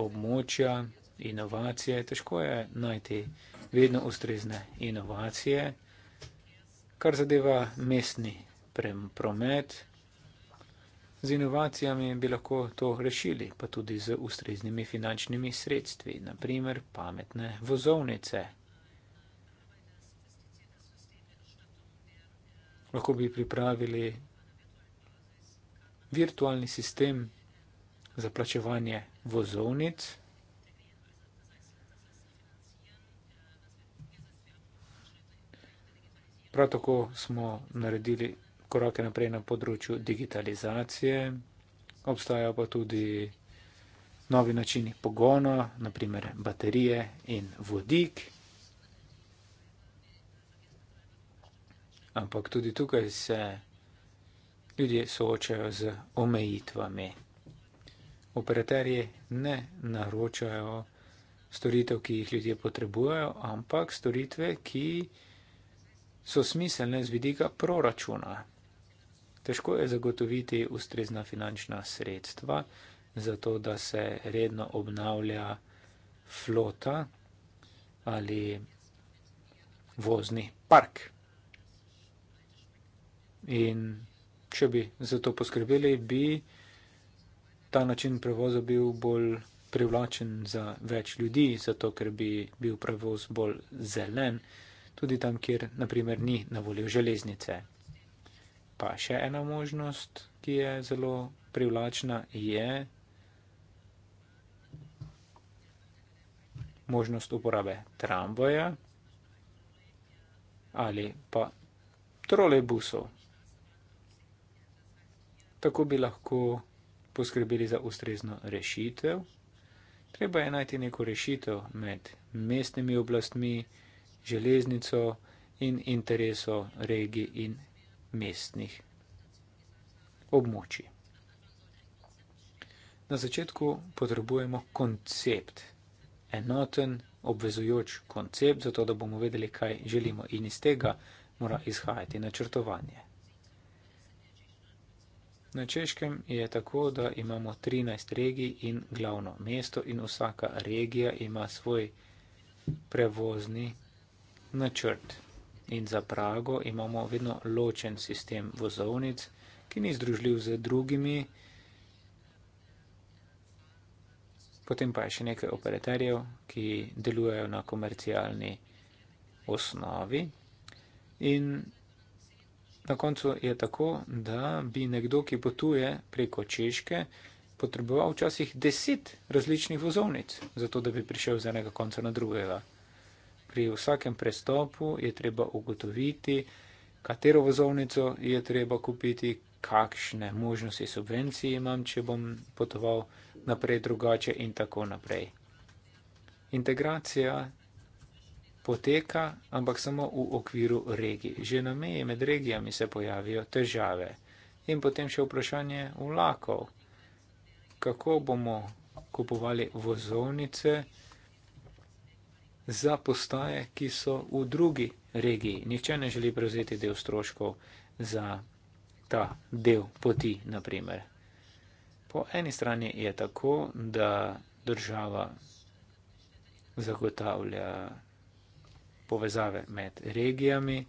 območja, inovacije. Težko je najti vedno ustrezne inovacije, kar zadeva mestni promet. Z inovacijami bi lahko to rešili, pa tudi z ustreznimi finančnimi sredstvi, naprimer pametne vozovnice, lahko bi pripravili virtualni sistem za plačevanje vozovnic. Prav tako smo naredili korake naprej na področju digitalizacije, obstaja pa tudi novi načini pogona, naprimer baterije in vodik. ampak tudi tukaj se ljudje soočajo z omejitvami. Operaterji ne naročajo storitev, ki jih ljudje potrebujejo, ampak storitve, ki so smiselne z vidika proračuna. Težko je zagotoviti ustrezna finančna sredstva za to, da se redno obnavlja flota ali vozni park. In če bi za to poskrbeli, bi ta način prevoza bil bolj privlačen za več ljudi, zato ker bi bil prevoz bolj zelen, tudi tam, kjer naprimer ni na voljo železnice. Pa še ena možnost, ki je zelo privlačna, je možnost uporabe tramvaja ali pa trolejbusov. Tako bi lahko poskrbeli za ustrezno rešitev. Treba je najti neko rešitev med mestnimi oblastmi, železnico in intereso regij in mestnih območij. Na začetku potrebujemo koncept, enoten, obvezujoč koncept, zato da bomo vedeli, kaj želimo in iz tega mora izhajati načrtovanje. Na češkem je tako, da imamo 13 regij in glavno mesto in vsaka regija ima svoj prevozni načrt. In za Prago imamo vedno ločen sistem vozovnic, ki ni združljiv z drugimi. Potem pa je še nekaj operaterjev, ki delujejo na komercialni osnovi. In Na koncu je tako, da bi nekdo, ki potuje preko Češke, potreboval včasih deset različnih vozovnic, zato da bi prišel z enega konca na drugega. Pri vsakem prestopu je treba ugotoviti, katero vozovnico je treba kupiti, kakšne možnosti subvencij imam, če bom potoval naprej drugače in tako naprej. Integracija poteka, ampak samo v okviru regij. Že na meji med regijami se pojavijo težave. In potem še vprašanje vlakov. Kako bomo kupovali vozovnice za postaje, ki so v drugi regiji? Nihče ne želi prevzeti del stroškov za ta del poti, naprimer. Po eni strani je tako, da država zagotavlja povezave med regijami,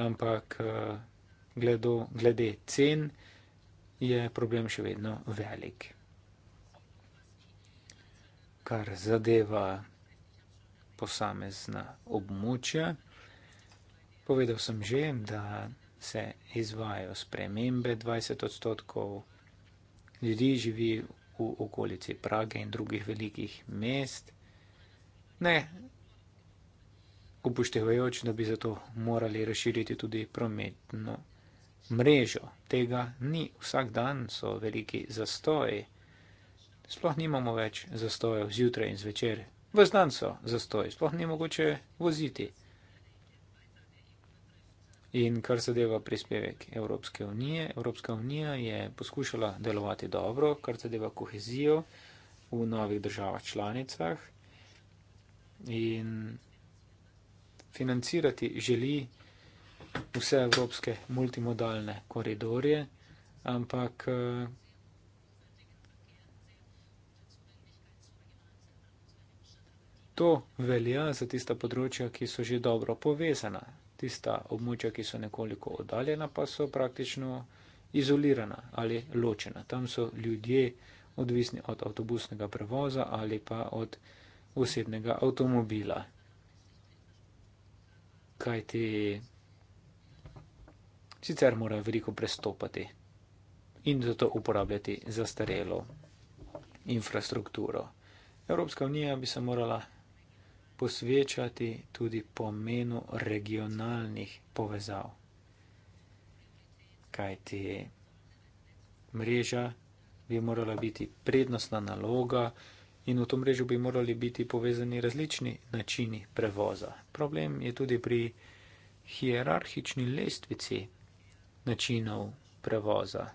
ampak eh, gledo, glede cen je problem še vedno velik. Kar zadeva posamezna območja, povedal sem že, da se izvajo spremembe 20 odstotkov ljudi živi v okolici Prage in drugih velikih mest. Ne, upoštevajoč, da bi zato morali razširiti tudi prometno mrežo. Tega ni, vsak dan so veliki zastoji. Sploh nimamo več zastojev zjutraj in zvečer. Ves dan so zastoji, sploh ni mogoče voziti. In kar zadeva prispevek Evropske unije, Evropska unija je poskušala delovati dobro, kar zadeva kohezijo v novih državah članicah. In financirati, želi vse evropske multimodalne koridorje, ampak eh, to velja za tista področja, ki so že dobro povezana. Tista območja, ki so nekoliko oddaljena, pa so praktično izolirana ali ločena. Tam so ljudje odvisni od avtobusnega prevoza ali pa od osebnega avtomobila kaj ti sicer morajo veliko prestopati in zato uporabljati zastarelo infrastrukturo. Evropska unija bi se morala posvečati tudi pomenu regionalnih povezav, kaj ti mreža bi morala biti prednostna naloga, in v to mrežo bi morali biti povezani različni načini prevoza. Problem je tudi pri hierarhični lestvici načinov prevoza.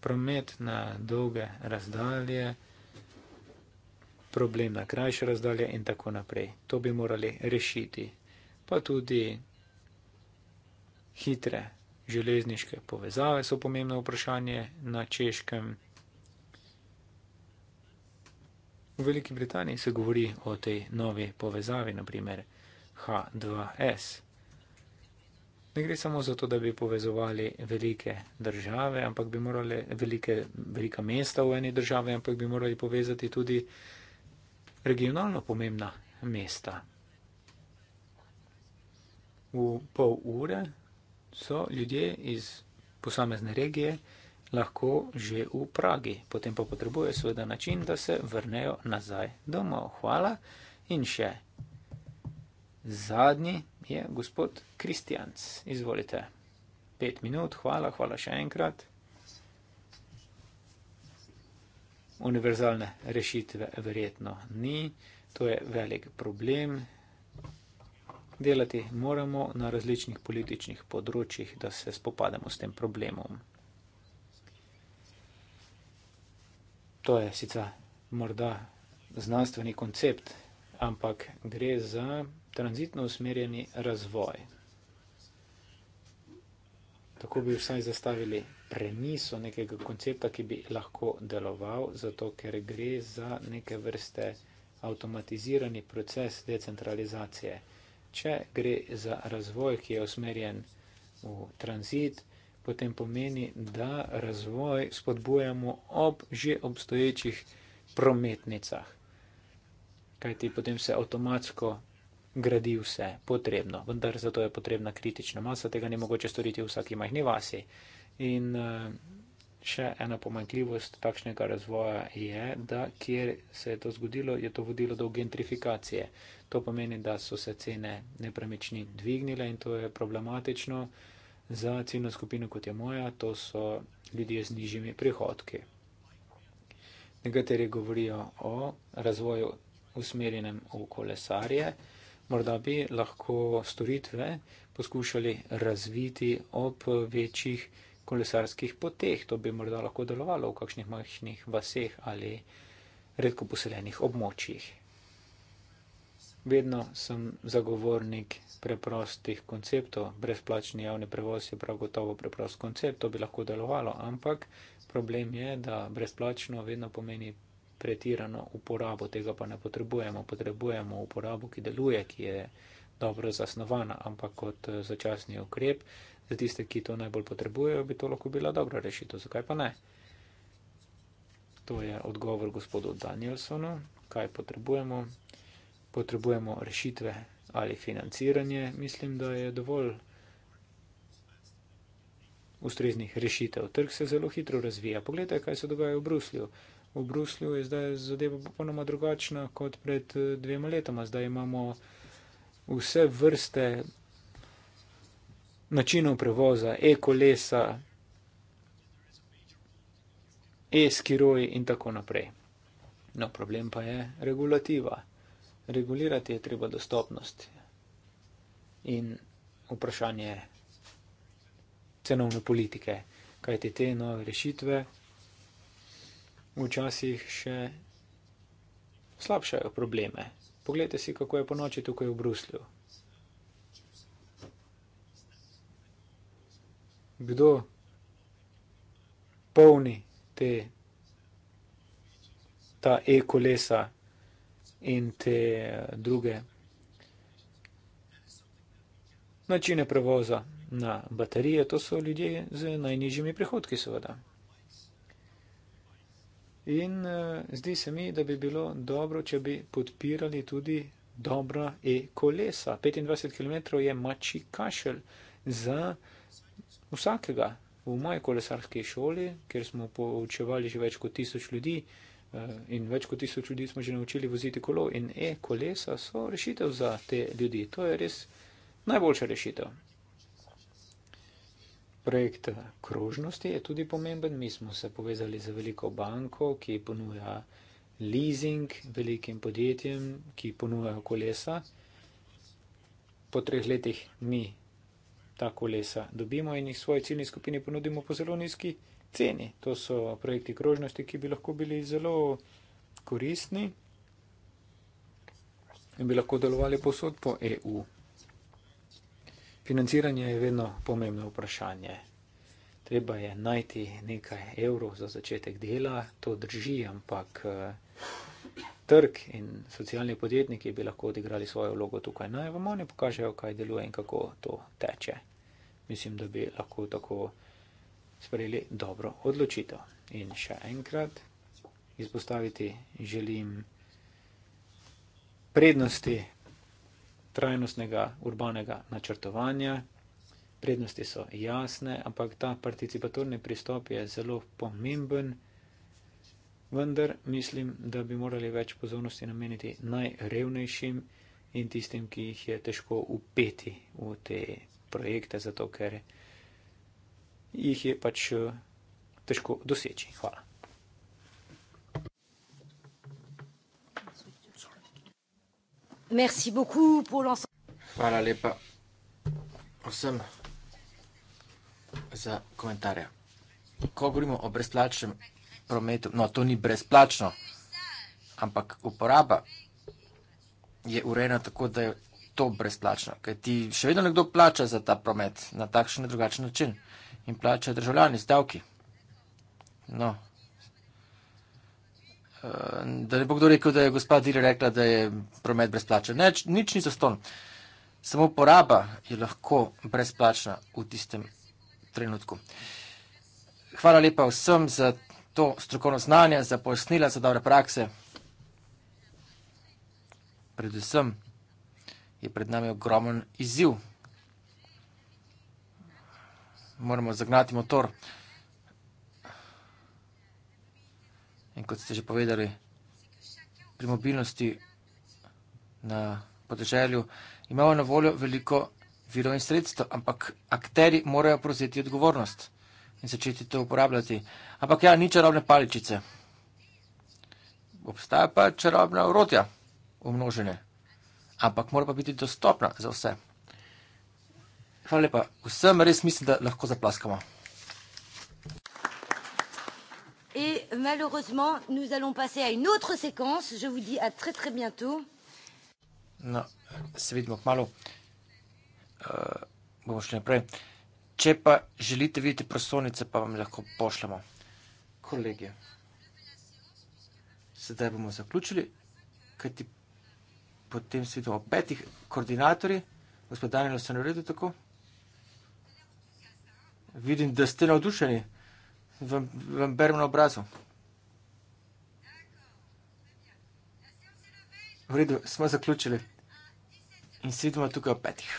Promet na dolge razdalje, problem na krajše razdalje in tako naprej. To bi morali rešiti. Pa tudi hitre železniške povezave so pomembno vprašanje na češkem. V Veliki Britaniji se govori o tej novi povezavi, naprimer H2S. Ne gre samo za to, da bi povezovali velike države, ampak bi morali velike, velika mesta v eni državi, ampak bi morali povezati tudi regionalno pomembna mesta. V pol ure so ljudje iz posamezne regije lahko že v Pragi. Potem pa potrebuje seveda način, da se vrnejo nazaj domov. Hvala. In še zadnji je gospod Kristjanc. Izvolite. Pet minut, hvala, hvala še enkrat. Univerzalne rešitve verjetno ni, to je velik problem. Delati moramo na različnih političnih področjih, da se spopademo s tem problemom. to je sicer morda znanstveni koncept, ampak gre za tranzitno usmerjeni razvoj. Tako bi vsaj zastavili premiso nekega koncepta, ki bi lahko deloval, zato ker gre za neke vrste avtomatizirani proces decentralizacije. Če gre za razvoj, ki je usmerjen v tranzit, potem pomeni, da razvoj spodbujamo ob že obstoječih prometnicah. Kajti potem se avtomatsko gradi vse potrebno, vendar za to je potrebna kritična masa, tega ni mogoče storiti v vsaki majhni vasi. In eh, še ena pomankljivost takšnega razvoja je, da kjer se je to zgodilo, je to vodilo do gentrifikacije. To pomeni, da so se cene nepremičnin dvignile in to je problematično za ciljno skupino, kot je moja, to so ljudje z nižjimi prihodki. Nekateri govorijo o razvoju usmerjenem v kolesarje, morda bi lahko storitve poskušali razviti ob večjih kolesarskih poteh. To bi morda lahko delovalo v kakšnih majhnih vaseh ali redko poseljenih območjih vedno sem zagovornik preprostih konceptov. Brezplačni javni prevoz je prav gotovo preprost koncept, to bi lahko delovalo, ampak problem je, da brezplačno vedno pomeni pretirano uporabo, tega pa ne potrebujemo. Potrebujemo uporabo, ki deluje, ki je dobro zasnovana, ampak kot eh, začasni ukrep, za tiste, ki to najbolj potrebujejo, bi to lahko bila dobra rešitev, zakaj pa ne? To je odgovor gospodu Danielsonu, kaj potrebujemo, potrebujemo rešitve ali financiranje, mislim, da je dovolj ustreznih rešitev. Trg se zelo hitro razvija. Poglejte, kaj se dogaja v Bruslju. V Bruslju je zdaj zadeva popolnoma drugačna kot pred eh, dvema letoma. Zdaj imamo vse vrste načinov prevoza, e-kolesa, e-skiroji in tako naprej. No, problem pa je regulativa regulirati je treba dostopnost in vprašanje cenovne politike, kajte te nove rešitve včasih še slabšajo probleme. Poglejte si, kako je po noči tukaj v Bruslju. Kdo polni te, ta e-kolesa in te eh, druge načine prevoza na baterije, to so ljudje z najnižjimi prihodki seveda. In eh, zdi se mi, da bi bilo dobro, če bi podpirali tudi dobra e-kolesa. 25 km je mači kašelj za vsakega. V moji kolesarski šoli, kjer smo poučevali že več kot tisoč ljudi, Eh, in več kot tisoč ljudi smo že naučili voziti kolo in e-kolesa so rešitev za te ljudi. To je res najboljša rešitev. Projekt krožnosti je tudi pomemben. Mi smo se povezali z veliko banko, ki ponuja leasing velikim podjetjem, ki ponujajo kolesa. Po treh letih mi ta kolesa dobimo in jih svoji ciljni skupini ponudimo po zelo nizki ceni. To so projekti krožnosti, ki bi lahko bili zelo koristni in bi lahko delovali posod po EU. Financiranje je vedno pomembno vprašanje. Treba je najti nekaj evrov za začetek dela, to drži, ampak eh, trg in socialni podjetniki bi lahko odigrali svojo vlogo tukaj. Naj vam oni pokažejo, kaj deluje in kako to teče. Mislim, da bi lahko tako sprejeli dobro odločitev. In še enkrat izpostaviti želim prednosti trajnostnega urbanega načrtovanja. Prednosti so jasne, ampak ta participatorni pristop je zelo pomemben. Vendar mislim, da bi morali več pozornosti nameniti najrevnejšim in tistim, ki jih je težko upeti v te projekte, zato ker je jih je pač eh, težko doseči. Hvala. Hvala lepa vsem za komentarje. Ko govorimo o brezplačnem prometu, no, to ni brezplačno, ampak uporaba je urejena tako, da je to brezplačno, ker ti še vedno nekdo plača za ta promet na takšen in drugačen način in plačajo državljani z davki. No. Da ne bo kdo rekel, da je gospa Diri rekla, da je promet brezplačen. Ne, nič ni zaston. Samo poraba je lahko brezplačna v tistem trenutku. Hvala lepa vsem za to strokovno znanje, za pojasnila, za dobre prakse. Predvsem je pred nami ogromen izziv moramo zagnati motor. In kot ste že povedali, pri mobilnosti na podeželju imamo na voljo veliko virov in sredstev, ampak akteri morajo prevzeti odgovornost in začeti to uporabljati. Ampak ja, ni čarobne paličice. Obstaja pa čarobna urotja, umnožene. Ampak mora pa biti dostopna za vse. Hvala lepa. Vsem res mislim, da lahko zaplaskamo. Et malheureusement, nous allons passer à une autre séquence. Je vous dis à très très bientôt. No, se vidimo kmalo. Uh, eh, bomo šli naprej. Če pa želite videti prostornice, pa vam lahko pošljemo. Kolegije, sedaj bomo zaključili, kajti potem se vidimo petih koordinatorji. Gospod Danilo, se ne uredi tako? vidim, da ste navdušeni, vam, vam berem na obrazu. V redu, smo zaključili in sedimo tukaj ob petih.